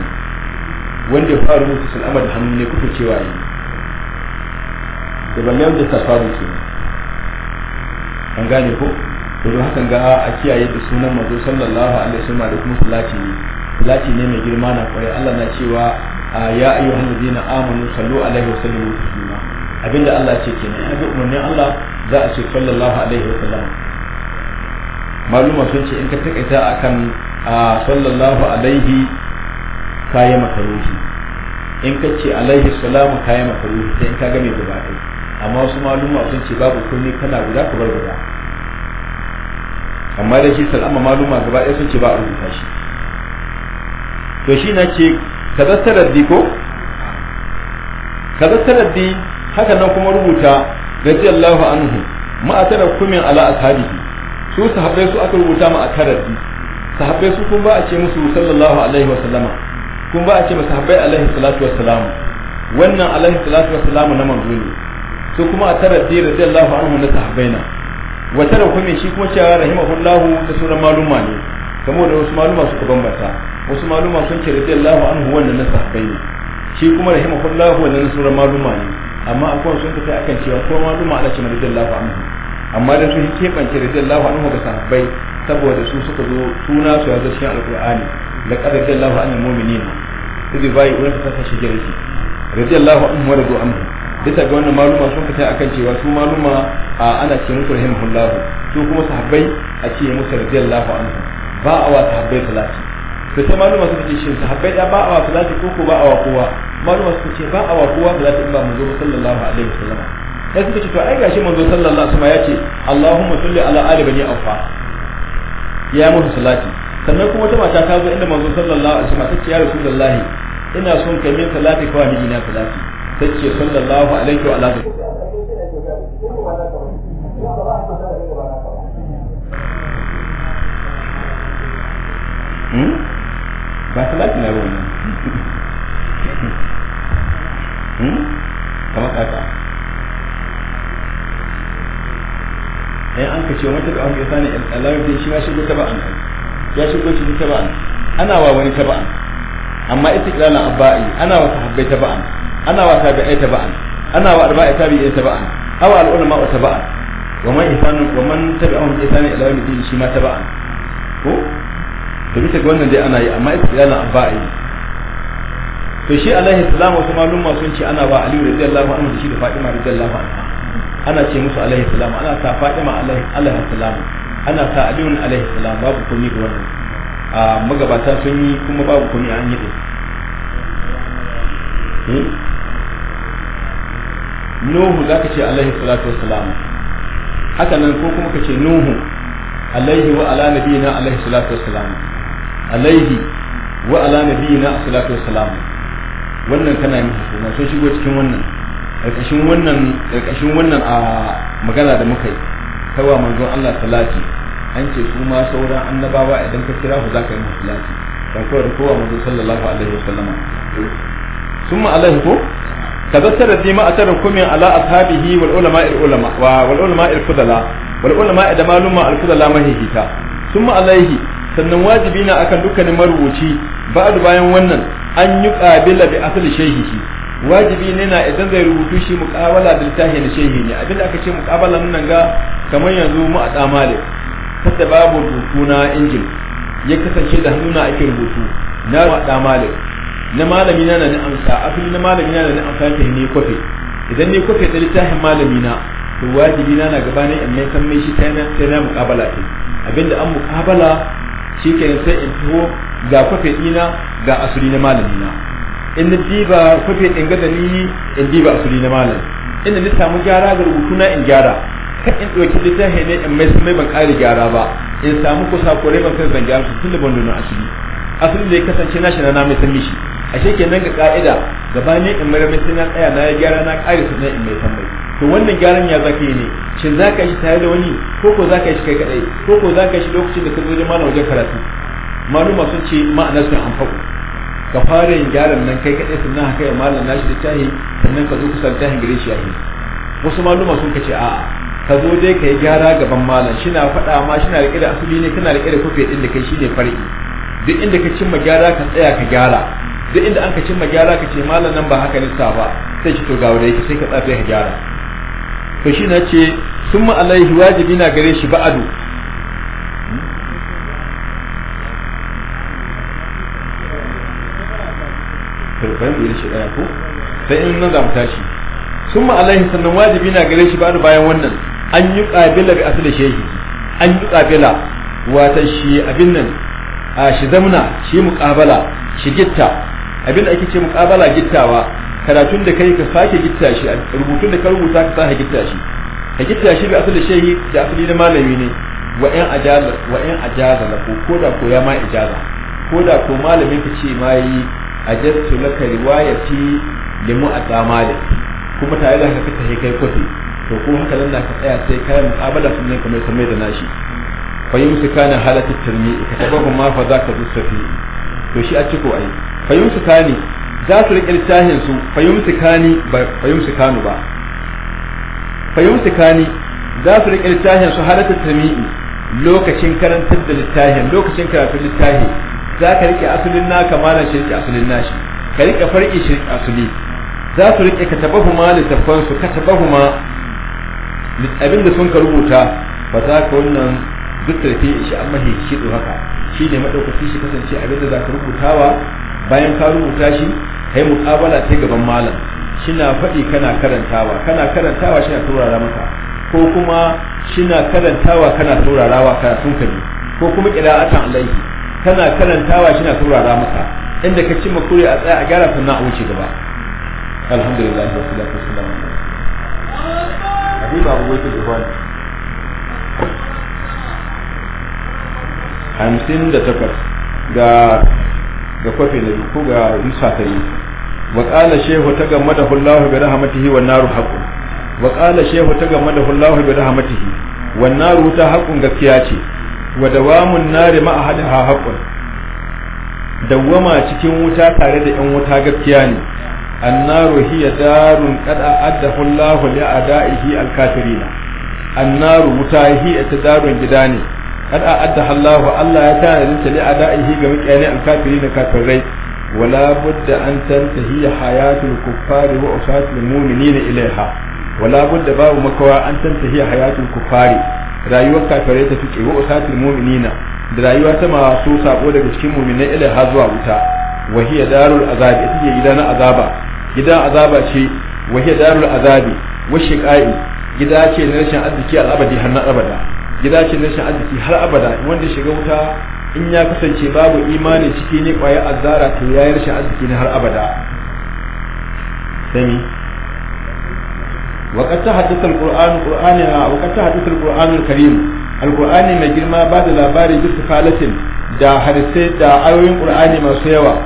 wanda ya fara rubuta sal'ama da hannu ne kuke cewa ne da balle da ta faru ke an gane ko to don hakan ga a kiyaye da sunan manzo sallallahu alaihi wasallam da kuma salati ne salati ne mai girma na kwarai Allah na cewa ya ayyuhan ladina amanu sallu alaihi wa sallimu taslima abinda Allah ce kenan in ga umarnin Allah za a ce sallallahu alaihi wa sallam maluma sun ce in ka takaita akan sallallahu alaihi kayi makaruhi in ka ce alaihi salamu kayi makaruhi sai in ka game gaba ɗaya amma wasu maluma sun ce babu komai kana guda ka bar guda amma da shi salama maluma gaba ɗaya sun ce ba a rubuta shi to shi na ce kaza sanaddi ko kaza sanaddi haka nan kuma rubuta radiyallahu anhu ma kumin ala ashabihi su sahabbai su aka rubuta ma akaradi sahabbai su kun ba a ce musu sallallahu alaihi wa sallama kun ba a ce musu sahabbai alaihi salatu wa salamu wannan alaihi salatu wa salamu na manzo ne su kuma da radiyallahu anhu na sahabbai na wa tara kumin shi kuma cewa rahimahullahu da sauran maluma ne kamar da wasu maluma suka bambanta wasu maluma sun ce radiyallahu anhu wannan na sahabbai ne shi kuma rahimahullahu wannan na sura maluma ne amma akwai sun fita akan cewa ko maluma ana ce radiyallahu anhu amma da su keɓance radiyallahu anhu ga sahabbai saboda su suka zo suna su ya zo cikin alqur'ani laqad radiyallahu anil mu'minina idh yubayyi'unaka tahta shajarati radiyallahu anhu wa da anhu bisa ga wannan maluma sun fita akan cewa su maluma a ana ce musu rahimahullahu su kuma sahabbai a ce musu radiyallahu anhu ba a wa sahabbai salati to sai maluma suka ce shin sahabbai da ba a wa salati ko ko ba a wa kowa maluma suka ce ba a wa kowa salati in ba manzo sallallahu alaihi wasallam sai suka ce to ai gashi manzo sallallahu alaihi wasallam ya ce Allahumma salli ala ali bani awfa ya musu salati sannan kuma wata mata ta zo inda manzo sallallahu alaihi wasallam ta ce ya rasulullahi ina son kai min salati kawai ni ina salati ta ce sallallahu alaihi wa alihi Hmm? ba salati na ba wannan hmm? kamar kaka in eh, an kace wata da aka sani Allah ya shi ma shigo taba'an ya shigo shi taba'an ana wa wani taba'an amma ita istiqlalan abba'i ana wa sahabbai taba'an ana wa tabi'ai taba'an ana wa arba'i tabi'ai taba'an aw al-ulama taba'an wa man ihsanu wa man tabi'ahum ihsanu ila yawm shi ma taba'an ko to bisa ga wannan dai ana yi amma ita istilalan ba a yi to shi alaihi salam wasu malumma sun ce ana ba aliyu radiyallahu anhu da shi da fatima radiyallahu anha ana ce musu alaihi salam ana sa fatima alaihi salam ana sa aliyu alaihi salam babu komai ga wannan a magabata sun yi kuma babu komai an yi hmm? nuhu za ka ce alaihi salatu wassalam haka nan ko kuma ka ce nuhu alaihi wa ala nabiyina alaihi salatu wassalam عليه وعلى نبينا nabiyina salatu wannan kana yin hukuma sai shigo cikin wannan karkashin wannan karkashin wannan a magana da muka yi kaiwa manzon Allah salati an ce su ma sauran annabawa idan ka kira ku zaka yi musu salati dan kawai kowa manzon sallallahu alaihi wasallama summa alaihi ko تبصر فيما wa wal ulama al fudala wal ulama da maluma al fudala mahihita summa alaihi sannan wajibi na akan dukkanin marubuci ba'du bayan wannan an yi qabila bi asali shehihi wajibi ne na idan zai rubutu shi muqabala da littafi na shehi ne abinda aka ce muqabala nan ga kamar yanzu mu a tsamale sabda babu rubutu na injil ya kasance da hannuna ake rubutu na a tsamale na malami na na amsa asali na malami na na amsa ta ne kofe idan ne kofe da littafin malami na to wajibi na na gabanin in mai san mai shi ta na muqabala ce abinda an muqabala shikenan sai in taho ga kwafe ɗina ga asuri na malami na in na diba kwafe ɗin ga dani in diba asuri na malam inda na samu gyara ga rubutu na in gyara kan in ɗauki littafi ne in mai mai ban ƙari gyara ba in samu kusa kore ban kai zan gyara su tun da ban nuna asuri asuri da ya kasance na shi na mai san mishi ashe kenan ga ka'ida gaba ne in mai mai sai na tsaya na ya gyara na ƙari na in mai san mai to wannan gyaran ya zaka yi ne shin zaka yi tare da wani ko ko zaka yi kai kadai ko ko zaka yi lokacin da ka da malam wajen karatu maluma sun ce ma'ana sun amfaku ka fara yin gyaran nan kai kadai sannan haka ya malam nashi da tahi sannan ka zo ku san tahi gare shi yi wasu maluma sun kace a'a ka zo dai ka yi gyara gaban malam shi na faɗa ma shi na riƙe da asali ne kana riƙe da kofi ɗin da kai shi ne fari duk inda ka cimma gyara ka tsaya ka gyara duk inda an ka cimma gyara ka ce malam nan ba haka sa ba sai ki to ga wanda yake sai ka tsaya ka gyara to shi na ce sun alaihi wajibi na gare shi ba'adu hmm? sai in nan za tashi sun alaihi sannan wajibi na gare shi ba'adu bayan wannan an yi ƙabila bi asali shehi an yi ƙabila wata shi abin nan a shi zamna shi muƙabala shi gitta abin da ake ce muƙabala gittawa karatun da kai ka sake gitta shi rubutun da ka rubuta ka sake gitta shi ka gitta shi bi asali shehi da asali da malami ne wa in ajaza wa in ajaza la ko da ko ya ma ijaza ko da ko malamin ka ce ma yi ajaztu laka riwayati li mu'atta malik kuma tare da haka ta kai kwafi to ko haka nan ka tsaya sai kai mu'amala sunan kamar kamar da nashi fa yumsikana halatu tarmi ka tabahu ma fa zaka zusafi to shi a ciko ai fa yumsikani za su riƙe littafin su fayumsikani ba fayumsikanu ba kani za su riƙe littafin su halatta tami'i lokacin karantar da littafin lokacin karatun littafin za ka riƙe asulin naka malam shi riƙe asulin nashi ka riƙe farƙi shi riƙe asuli za su riƙe ka taɓa huma littafan su ka taɓa huma abin da sun ka rubuta ba za ka wannan duk tarfi shi an mahi shi haka shi ne maɗaukaki shi kasance abin da za ka rubutawa bayan ka rubuta shi kai muƙabala sai gaban malam shina faɗi kana karantawa kana karantawa na turara maka ko kuma shina karantawa kana turarawa karatun tunka ne ko kuma qira'atan alaihi kana karantawa shina turara maka inda ka cimma kuri a tsaya a gyara sannan a wuce gaba alhamdulillah wa salatu wassalamu alaikum habiba hamsin da takwas ga ga kwafi na ko ga isa ta yi wa qala shehu ta gamma da hullahu bi rahmatihi wan naru haqqun wa qala shehu ta gamma da hullahu bi rahmatihi wan naru ta haqqun gaskiya ce wa dawamun nari ma ahadaha haqqun dawwama cikin wuta tare da yan wuta gaskiya ne annaru hiya darun qad a'addahu Allahu li a'da'ihi al-kafirin annaru wuta hiya ta darun gida ne kad a'adda Allahu Allah ya tare da tali ada'ihi ga mutane alkafiri da kafirai wala budda an tantahi hayatul kuffari wa usatul mu'minina ilaiha wala budda babu makawa an tantahi hayatul kuffari rayuwar kafirai ta tuke wa usatul mu'minina da rayuwa ta masu sako daga cikin mu'minai ilaiha zuwa wuta wa hiya darul azabi ita ce gidan azaba gidan azaba ce wa hiya darul azabi wa shiqai gida ce na rashin arziki al'abadi har na abada gida ce na har abada wanda shiga wuta in ya kasance babu imani cike ne kwaya a zara ta yayar shan aziki na har abada sani waƙata haddasa alƙur'ani ƙur'ani girma ba da labari duk sukalatin da harisai da ayoyin ƙur'ani masu yawa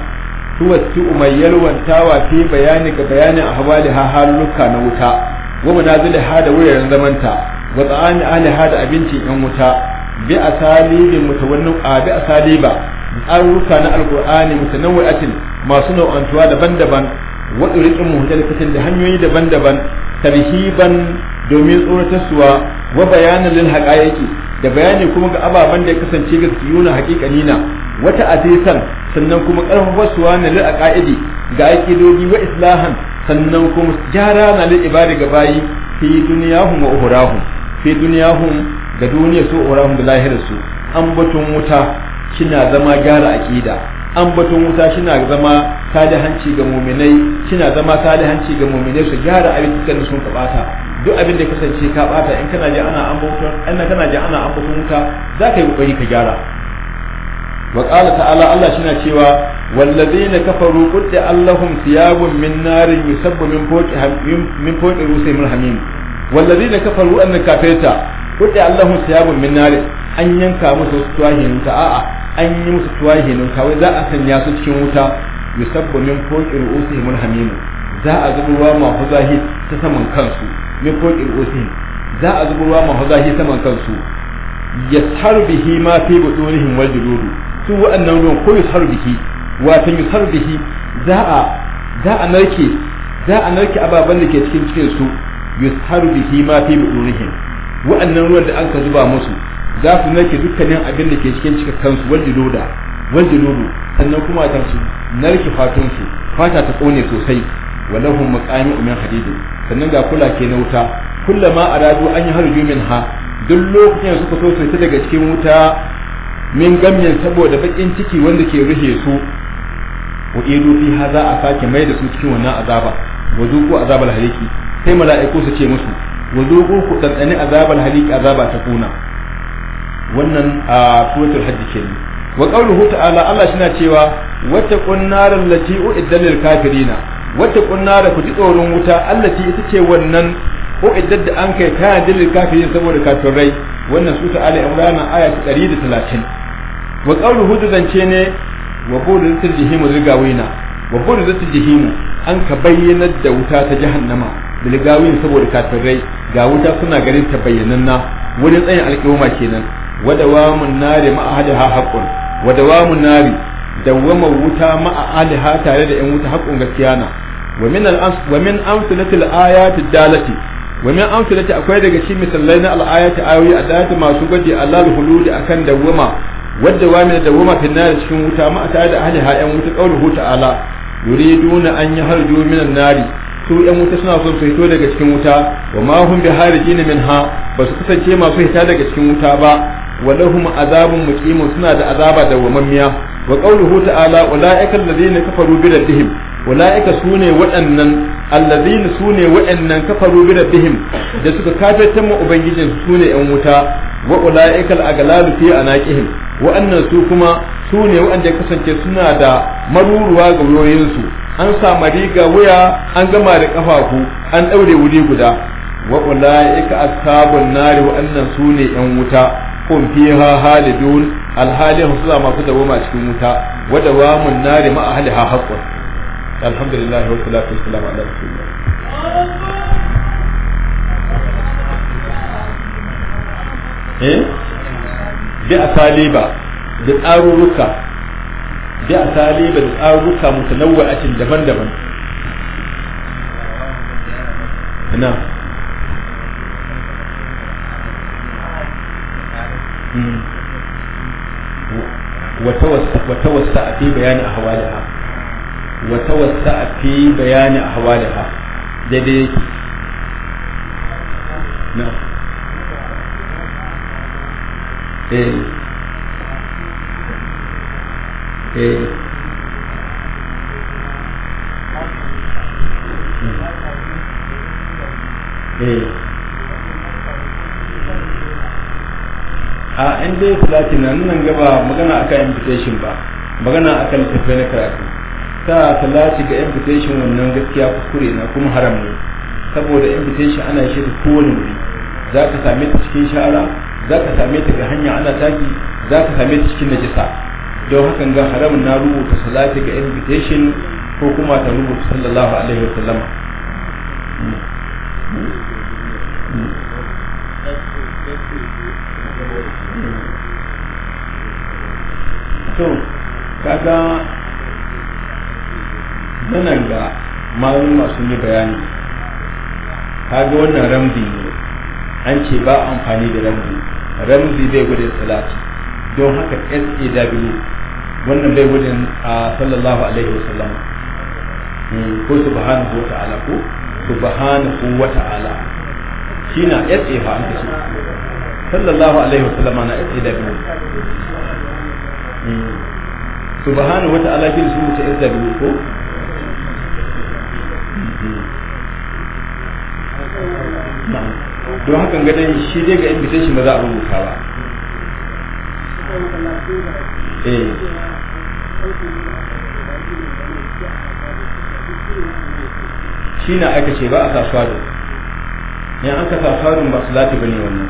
tuwa su umayyar wantawa fi bayani ga bayanin a haɓa da ha na wuta goma na zai da hada wuyar zamanta wa tsani ani hada abincin yan wuta bi asalibin mutawannin a bi an ruka na alqur'ani mutanawwi'atin masu nau'antuwa daban-daban wa turiqin muhtalifatin da hanyoyi daban-daban tarhiban domin tsoratarsuwa wa bayanan lil haqaiqi da bayani kuma ga ababen da ya kasance haqiqani na wata azisan sannan kuma ƙarfafarsuwa na lil aqaidi ga aƙidodi wa islahan sannan kuma jara na lil ibadi ga bayi fi duniyahum wa uhurahu. fi duniyahum ga duniya su urahum da lahirar su batun wuta kina zama gyara aqida batun wuta kina zama hanci ga mu'minai kina zama hanci ga mu'minai su gyara abin da sun kabata duk abin da kasance ka bata in kana ji ana batun anna kana ji ana batun wuta ka yi kokari ka gyara wa qala ta'ala Allah shina cewa wallazina kafaru qutta allahum thiyabun min narin yusabbu min fawqi min fawqi rusul hamim da wallazina kafaru an kafirta kudi Allahu siyabun min nar an yanka musu tuwahin ta a'a an yi musu tuwahin ka wai za a sanya su cikin wuta yusabbu min fawqi ru'usihim hamimu za a zubo ruwa mahu zahi ta saman kansu min fawqi ru'usihim za a zubo ruwa mahu zahi saman kansu Yasar bihi ma fi budurihim wal juludu su wa'annan ruwan ko yasar bihi wato yasar bihi za a za a narke za a narke ababen da ke cikin cikin su yusharu bihi ma fi budurihim wa'annan ruwan da anka zuba musu za su narke dukkanin abin da ke cikin kansu wanda loda wanda lodo sannan kuma ta su narke su fata ta kone sosai walahum maqami min hadidin sannan ga kula ke na wuta kullama aradu an yi harju ha duk lokacin suka so su daga cikin wuta min gamyan saboda bakin ciki wanda ke rufe su wa idu fi haza a sake mai da su cikin wannan azaba wa zuku azabal hariki sai mala'iku su ce musu wa zuqu ku tsantsani azabal haliq azaba ta kuna wannan a suratul hajj kenan wa qawluhu ta'ala Allah shi na cewa wata naral lati u'iddat lil kafirina wata nar ku ji tsoron wuta allati ita ce wannan u'iddat da an kai ta lil kafirin saboda kafirai wannan sura ali imran aya ta 130 wa qawluhu zance ne wa budu zil jihimu zigawina wa budu zil jihimu an ka bayyanar da wuta ta jahannama bilgawin saboda kafirai ga wuta suna ganin ta na wurin tsayin alƙawma kenan wadawamun nari ma'a hadaha haqqun wadawamun nari dawama wuta ma ma'a ha tare da yan wuta haƙƙun gaskiya na wa min amsalati al-ayati dalati wa min amsalati akwai daga cikin misalai na al-ayati ayoyi adati masu gwaji Allah al-huludi akan dawama wadda wa min dawama fi nari cikin wuta ma tare da ha yan wuta qawluhu ta'ala yuriduna an yahrju min an-nari su yan wuta suna son su fito daga cikin wuta wa ma hum bi harijin minha ba su kasance masu fita daga cikin wuta ba wa lahum azabun muqimun suna da azaba dawwamammiya wa qawluhu ta'ala ulaika alladhina kafaru bi rabbihim ulaika sune waɗannan su sune waɗannan kafaru bi rabbihim da suka kafirta mu ubangijin sune yan wuta wa ulaika al aghlalu fi anaqihim waɗannan su kuma sune waɗanda kasance suna da maruruwa ga wuyoyinsu an sama riga wuya an gama da kafafu an daure wuri guda wa ulaika ashabun nari waɗannan ne yan wuta kun fiha halidun alhali husula masu ma cikin wuta wa dawamun nari ma ha haqqun الحمد لله والصلاة والسلام على رسول الله إيه؟ بأساليب بأروكا بأساليب بأروكا متنوعة دفن دفن هنا نعم. وتوسع وتوسع في بيان أحوالها wa tawassa fi bayani ahwaliha daidai yake na eh. Eh. Hmm. Eh. a in dai kula nan nan gaba magana akan invitation ba magana akan tafiya na karatu ta salati ga invitation wannan gaskiya kuskure na kuma haram ne saboda invitation ana shi da kowane wuri za ka same ta cikin shara za ka same ta ga hanya ana taki za ka same ta cikin najisa don hakan ga haram na rubuta salati ga invitation ko kuma ta rubuta sallallahu alaihi wa sallama to kaga wannan da maluma masu yi bayani kaga wannan ramzi ne an ce ba amfani da ramzi ramzi bai gudu salati don haka SAW wannan bai gudu a sallallahu alaihi wasallam hmm, ko subhanahu wa ta'ala ko subhanahu wa ta'ala shi na saw fa an ce sallallahu alaihi wasallam na SAW hmm. subhanahu wa ta'ala shi sun mutu SAW ko don hakan ganin shi dai ga invitation ba za a rubuta ba eh. shi na aka ce ba a sa swado ne an ka sa swado ba su lati ne wannan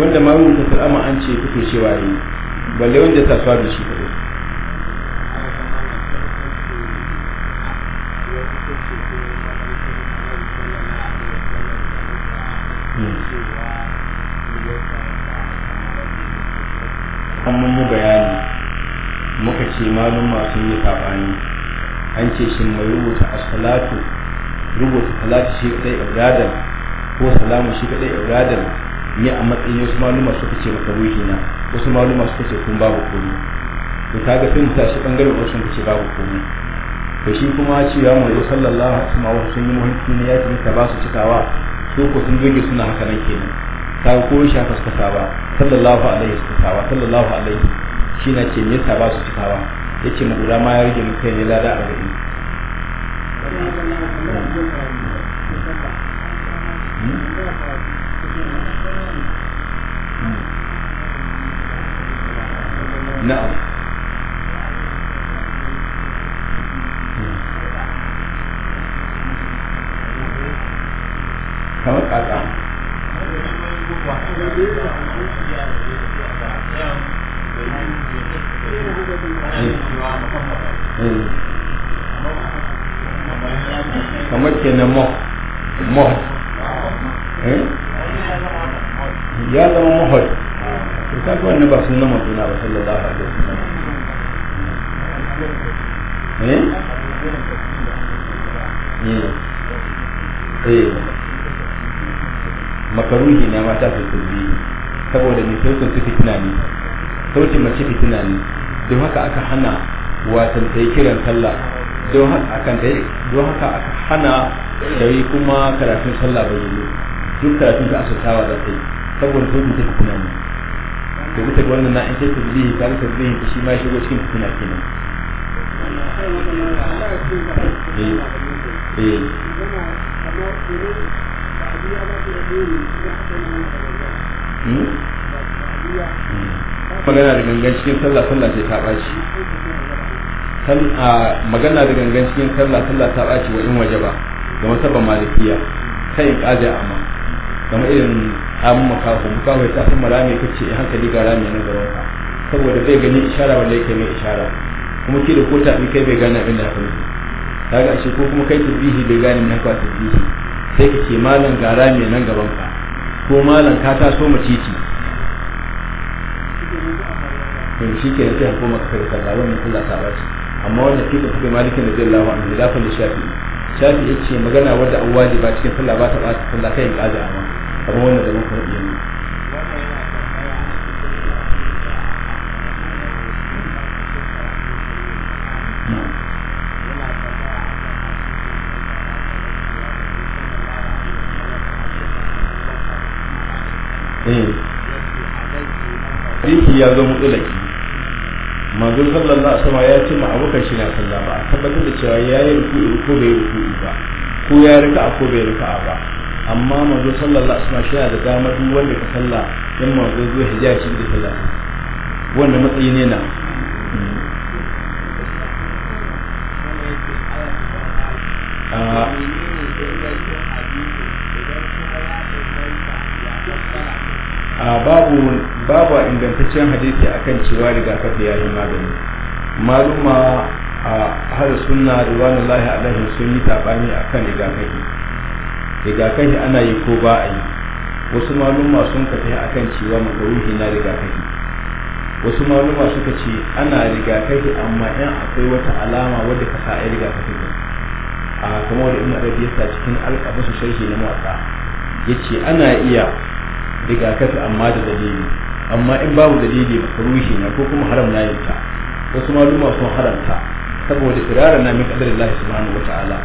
wanda ma rubuta salama an ce fito cewa yi balle wanda sa swado shi kaɗai ce shi mai rubuta a salatu rubuta salatu shi kadai ibradan ko salamu shi kadai ibradan ne a matsayin wasu maluma suka ce ruhi na wasu maluma suka ce kun babu komai to kaga sun tashi bangaren wasu suka ce babu komai to shi kuma cewa mai sallallahu alaihi wasallam sun yi muhimmanci ne ya ce ba su cikawa su ko sun doge suna haka nan kenan kaga ko shi haka suka saba sallallahu alaihi suka saba sallallahu alaihi shi na ce ne ta ba su cikawa yace mu guda ma ya rage muka yi lada a gari na'am hmm. kamar mace fitina ne don haka aka hana watan ta yi kiran sallah don haka aka hana ta yi kuma karatun sallah ba yi duk karatun ta asirtawa za ta yi saboda ta ta fitina ne to bisa wannan na an ce tasbihi ta ga tasbihi ta shi ma shigo cikin fitina kenan eh eh hmm? Hmm. magana da gangan cikin sallah sallah sai ta ɓaci magana da gangan cikin sallah sallah ta ɓaci wa in waje ba ga masabban malikiya kai in ƙaja amma kamar irin amin makaho makaho ta tafi marami kace in eh, hankali ga rami na gaban ka saboda bai gani ishara wanda yake mai ishara kuma ki da kota bi kai bai gane abin da ta kaga ashe ko kuma kai tasbihi bai gane mai haka tasbihi sai ka ce malam ga rami nan gaban ka ko malam ka taso titi. to shi ke sai a koma kai kaza wannan kula ta bace amma wanda kika fi malikin radiyallahu anhu da lafa shafi shafi yace magana wadda an ba cikin sallah ba ta bata sallah kai in kaza amma kamar da mun karbi ne Riki ya zo mutsulaki manzo sallallahu alaihi wasallam ya ce ma abokan shi na sallah ba tabbatar da cewa ya yi ruku ko bai ruku ba ko ya rika ko bai rika ba amma manzo sallallahu alaihi wasallam shi da dama duk wanda ka salla dan manzo zuwa hijaci da sallah wannan matsayi ne na hmm. a ah. babu babu ingantaccen hadisi akan cewa rigakafi yayin magani maluma a hada sunna riwanullahi alaihi sun yi tabani akan rigakafi rigakafi ana yi ko ba a yi wasu maluma sun kafa akan cewa makaruhi na rigakafi wasu maluma suka ce ana rigakafi amma 'yan akwai wata alama wadda ka sa a rigakafi a kamar da ina arabi yasa cikin alƙabasu sharhi na ya ce ana iya rigakafi amma da dalili amma in babu dalili makaruhi ne ko kuma haram na yin wasu maluma sun haramta saboda firara na min kadar Allah subhanahu ta'ala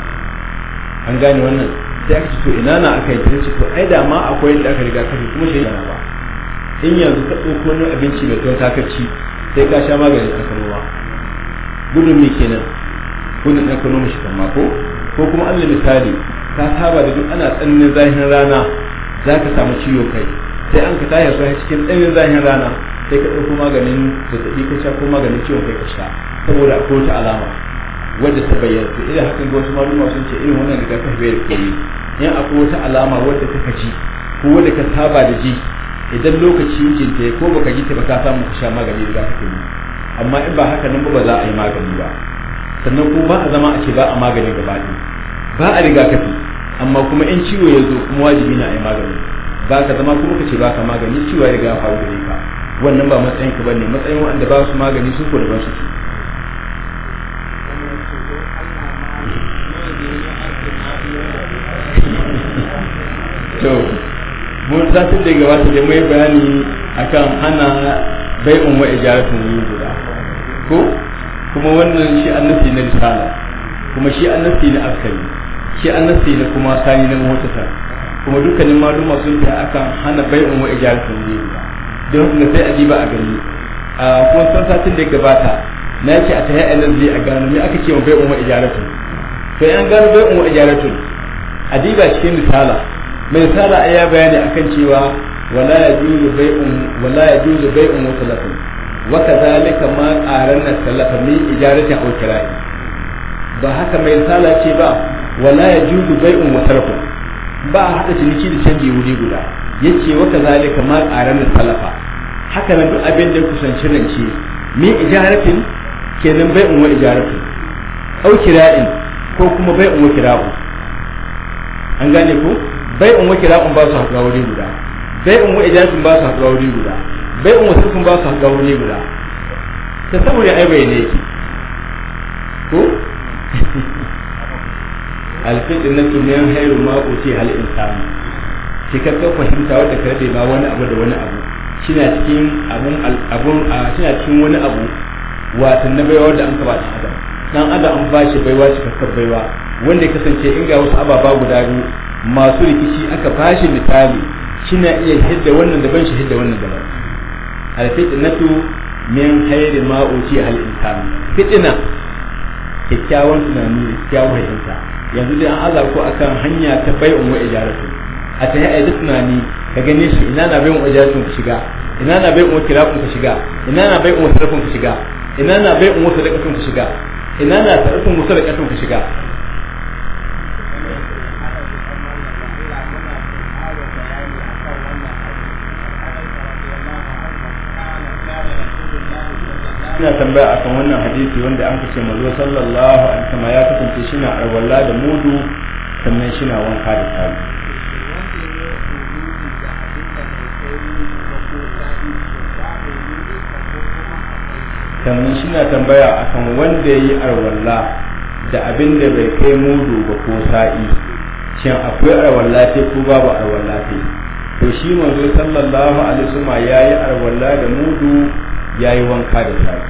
an gane wannan sai aka ce to ina na aka yi tunci to ai da ma akwai inda aka rigakafi kuma shi yana ba in yanzu ka ɗauko wani abinci mai kyau ta kaci sai ka sha maganin kakanuwa gudun me kenan gudun ɗan kano mashi kama ko ko kuma allah misali ka saba da duk ana tsananin zahirin rana za ka samu ciwo kai sai an ka tayar sai cikin ɗanyen zahin rana sai ka ɗauko maganin zazzaɓi ka sha ko maganin ciwon kai ka sha saboda a kowace alama wadda ta bayyana to idan hakan ga wasu maluma sun ce irin wannan riga ka bayar ke yi in akwai wata alama wadda ka ji ko wadda ka saba da ji idan lokaci jinta ya ko baka ji ta ba ka samu ka sha magani da ka yi amma in ba haka nan ba za a yi magani ba sannan ko ba a zama a ce ba a magani gaba ba a riga kafi amma kuma in ciwo ya zo kuma wajibi na a yi magani ba ka zama kuma kace ba ka magani ya riga faru gare ka wannan ba matsayin ka bane matsayin wanda ba su magani su ko da ba su to mun satin da gabata da mai bayani akan ana bai'un wa ijaratun wuri guda ko kuma wannan shi annabi na risala kuma shi annabi na akali shi annabi na kuma sani na motsa kuma dukkanin maluma sun ta akan hana bai umu wa ijaratun ne don haka sai a jiba a gani a kuma san satin da ya gabata na yake a tayi alalzi a gano me aka ce wa bai bai'un wa ijaratun sai an gano bai'un wa a jiba cikin misala mai misala ya bayani akan cewa wala bai bai'un wala bai bai'un wa waka wa kadhalika ma qaranna talafa min ijaratin aw kira'i ba haka mai misala ce ba wala ya yajuzu bai umu talafin ba a haɗa ciniki da canji wuri guda yace wa kamar ma ranar talafa haka nan duk abin da kusanci rance min ijaratin kenan bai unwa ijaratin au kira'in ko kuma bai unwa kira'un an gane ku bai unwa kira'un ba su haɗuwa wuri guda bai unwa ijarafin ba su haɗuwa wuri guda bai unwa sulfin ba su haɗuwa wuri guda ta saboda ai bai ne yake ko alfitnatu min hayr ma uti hal insani cikakken fahimta wadda ka rabe ma wani abu da wani abu shina cikin abun abun shina cikin wani abu wato na baiwa da an ka bashi adam dan adam an shi baiwa shi kakkar baiwa wanda ya kasance in ga wasu ababa guda biyu masu rikici aka bashi misali na iya hidda wannan da ban shi hidda wannan da ban na tu min hayr ma uti hal insani fitina kyakkyawan tunani da kyakkyawan fahimta yanzu dai an aza ko akan hanya ta bai'un wa ijaratu a ta yi aida tunani ka gane shi ina na bai'un wa ijaratun ku shiga ina na bai'un wa kirafun ka shiga ina na bai'un wa sarafun ka shiga ina na bai wa sadaqatun ka shiga ina na sarafun wa sadaqatun shiga suna tambaya akan wannan hadisi wanda an kace manzo sallallahu alaihi wasallam ya kasance shina arwalla da mudu sannan shina wanka da tsari sannan shina tambaya akan wanda yayi arwalla da abin da bai kai mudu ba ko sa'i shin akwai arwalla ce ko babu arwalla ce to shi manzo sallallahu alaihi wasallam yayi arwalla da mudu ya yi wanka da tari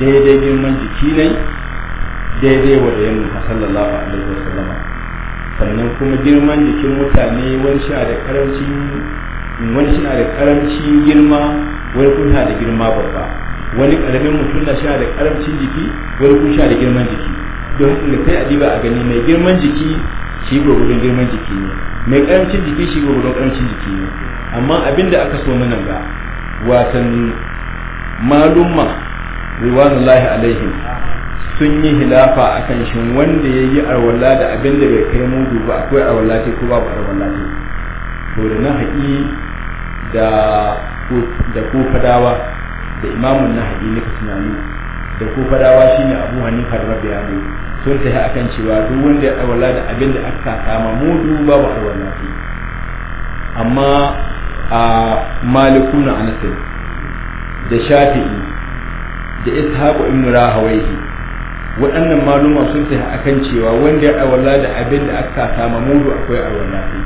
daidai girman jiki ne daidai wa da yin sallallahu alaihi wasallam sannan kuma girman jikin mutane wani shi da karamci wani shi da karamcin girma wani kuma da girma babba wani karamin mutum na shi da karamcin jiki wani kuma da girman jiki don da kai adiba a gani mai girman jiki shi gurgurun girman jiki ne mai karamcin jiki shi gurgurun karamcin jiki ne amma abinda aka so mana ga wasan malumma lahi alaihim sun yi hilafa a kan shi wanda ya yi arwala da abin da bai kai mudu ba akwai arwala ce ko babu arwala ce to da haƙi da da fadawa da imamun haƙi na tunani da shi shine abu hanifa da rabbi abu sun a kan cewa duk wanda ya arwala da abin da aka kama mudu babu arwala ce amma a malikuna anasai da shafi'i da ishaq ibn rahawayhi waɗannan maluma sun a akan cewa wanda ya awalla da abin da aka sama mudu akwai awalla sai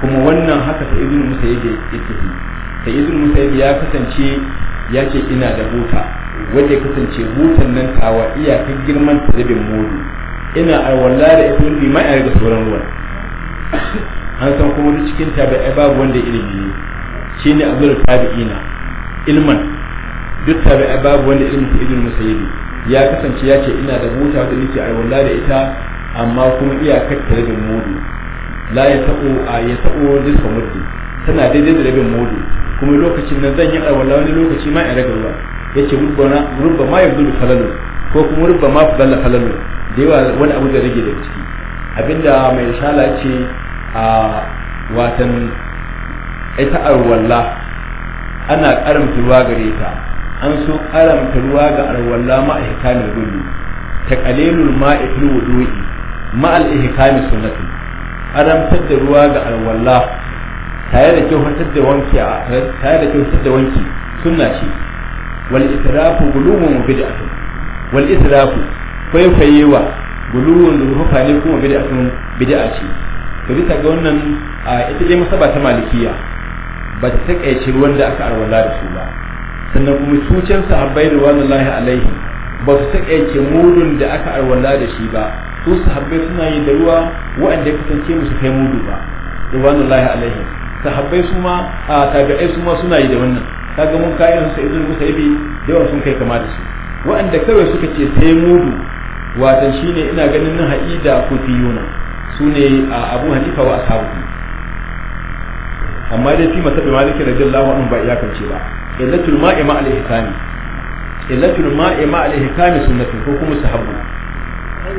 kuma wannan haka sai ibn musa yake yake sai ibn musa ya kasance ya ce ina da buta wanda ya kasance butan nan tawa iyakar girman tabin mudu ina awalla da ibn wanda mai a sauran ruwan an san kuma duk cikin tabi'a babu wanda ilimi ne shine abdul tabi'ina ilman duk tabi babu wanda ilmi su ibn musayidi ya kasance ya ce ina da buta wadda nake aiwala da ita amma kuma iyakar ta rabin mudu la ya taɓo a ya taɓo nisa mudu tana daidai da rabin mudu kuma lokacin nan zan yi aiwala wani lokaci ma in raga ruwa ya ce rubba ma yanzu da falalu ko kuma rubba ma fadalla falalu da yawa wani abu da rage da ciki abinda mai shala ce a watan ita aiwala ana karamta ruwa gare ta an so karamta ruwa ga arwalla ma ihkamil gudu ta qalilul ma'i fil wudu'i ma al ihkami sunnati karamtar da ruwa ga arwalla tare da kyautar da wanki tare da kyautar da wanki sunna ce wal israfu gulumun bid'atun wal israfu faifayewa gulumun da rufa ne kuma bid'atun bid'a ce to bisa ga wannan ita dai masaba ta malikiya ba ta takaice ruwan da aka arwala da su ba sannan kuma su can sahabbai da wani lahi alaihi ba su takaice mudun da aka arwala da shi ba su sahabbai suna yin da ruwa waɗanda ya kasance musu kai mudu ba da wani lahi alaihi sahabbai su ma a tabi'ai su ma suna yi da wannan kaga mun kai su sai zuwa da wannan sun kai kama da su waɗanda kawai suka ce sai mudu watan shine ina ganin nan ha'ida ko tiyuna su ne abu hanifa wa asabu. amma dai fi masabi maliki radiyallahu anhu ba ce ba illatul ma'i ma al-ihkami illatul ma'i ma al-ihkami sunnatun ko kuma sahabbu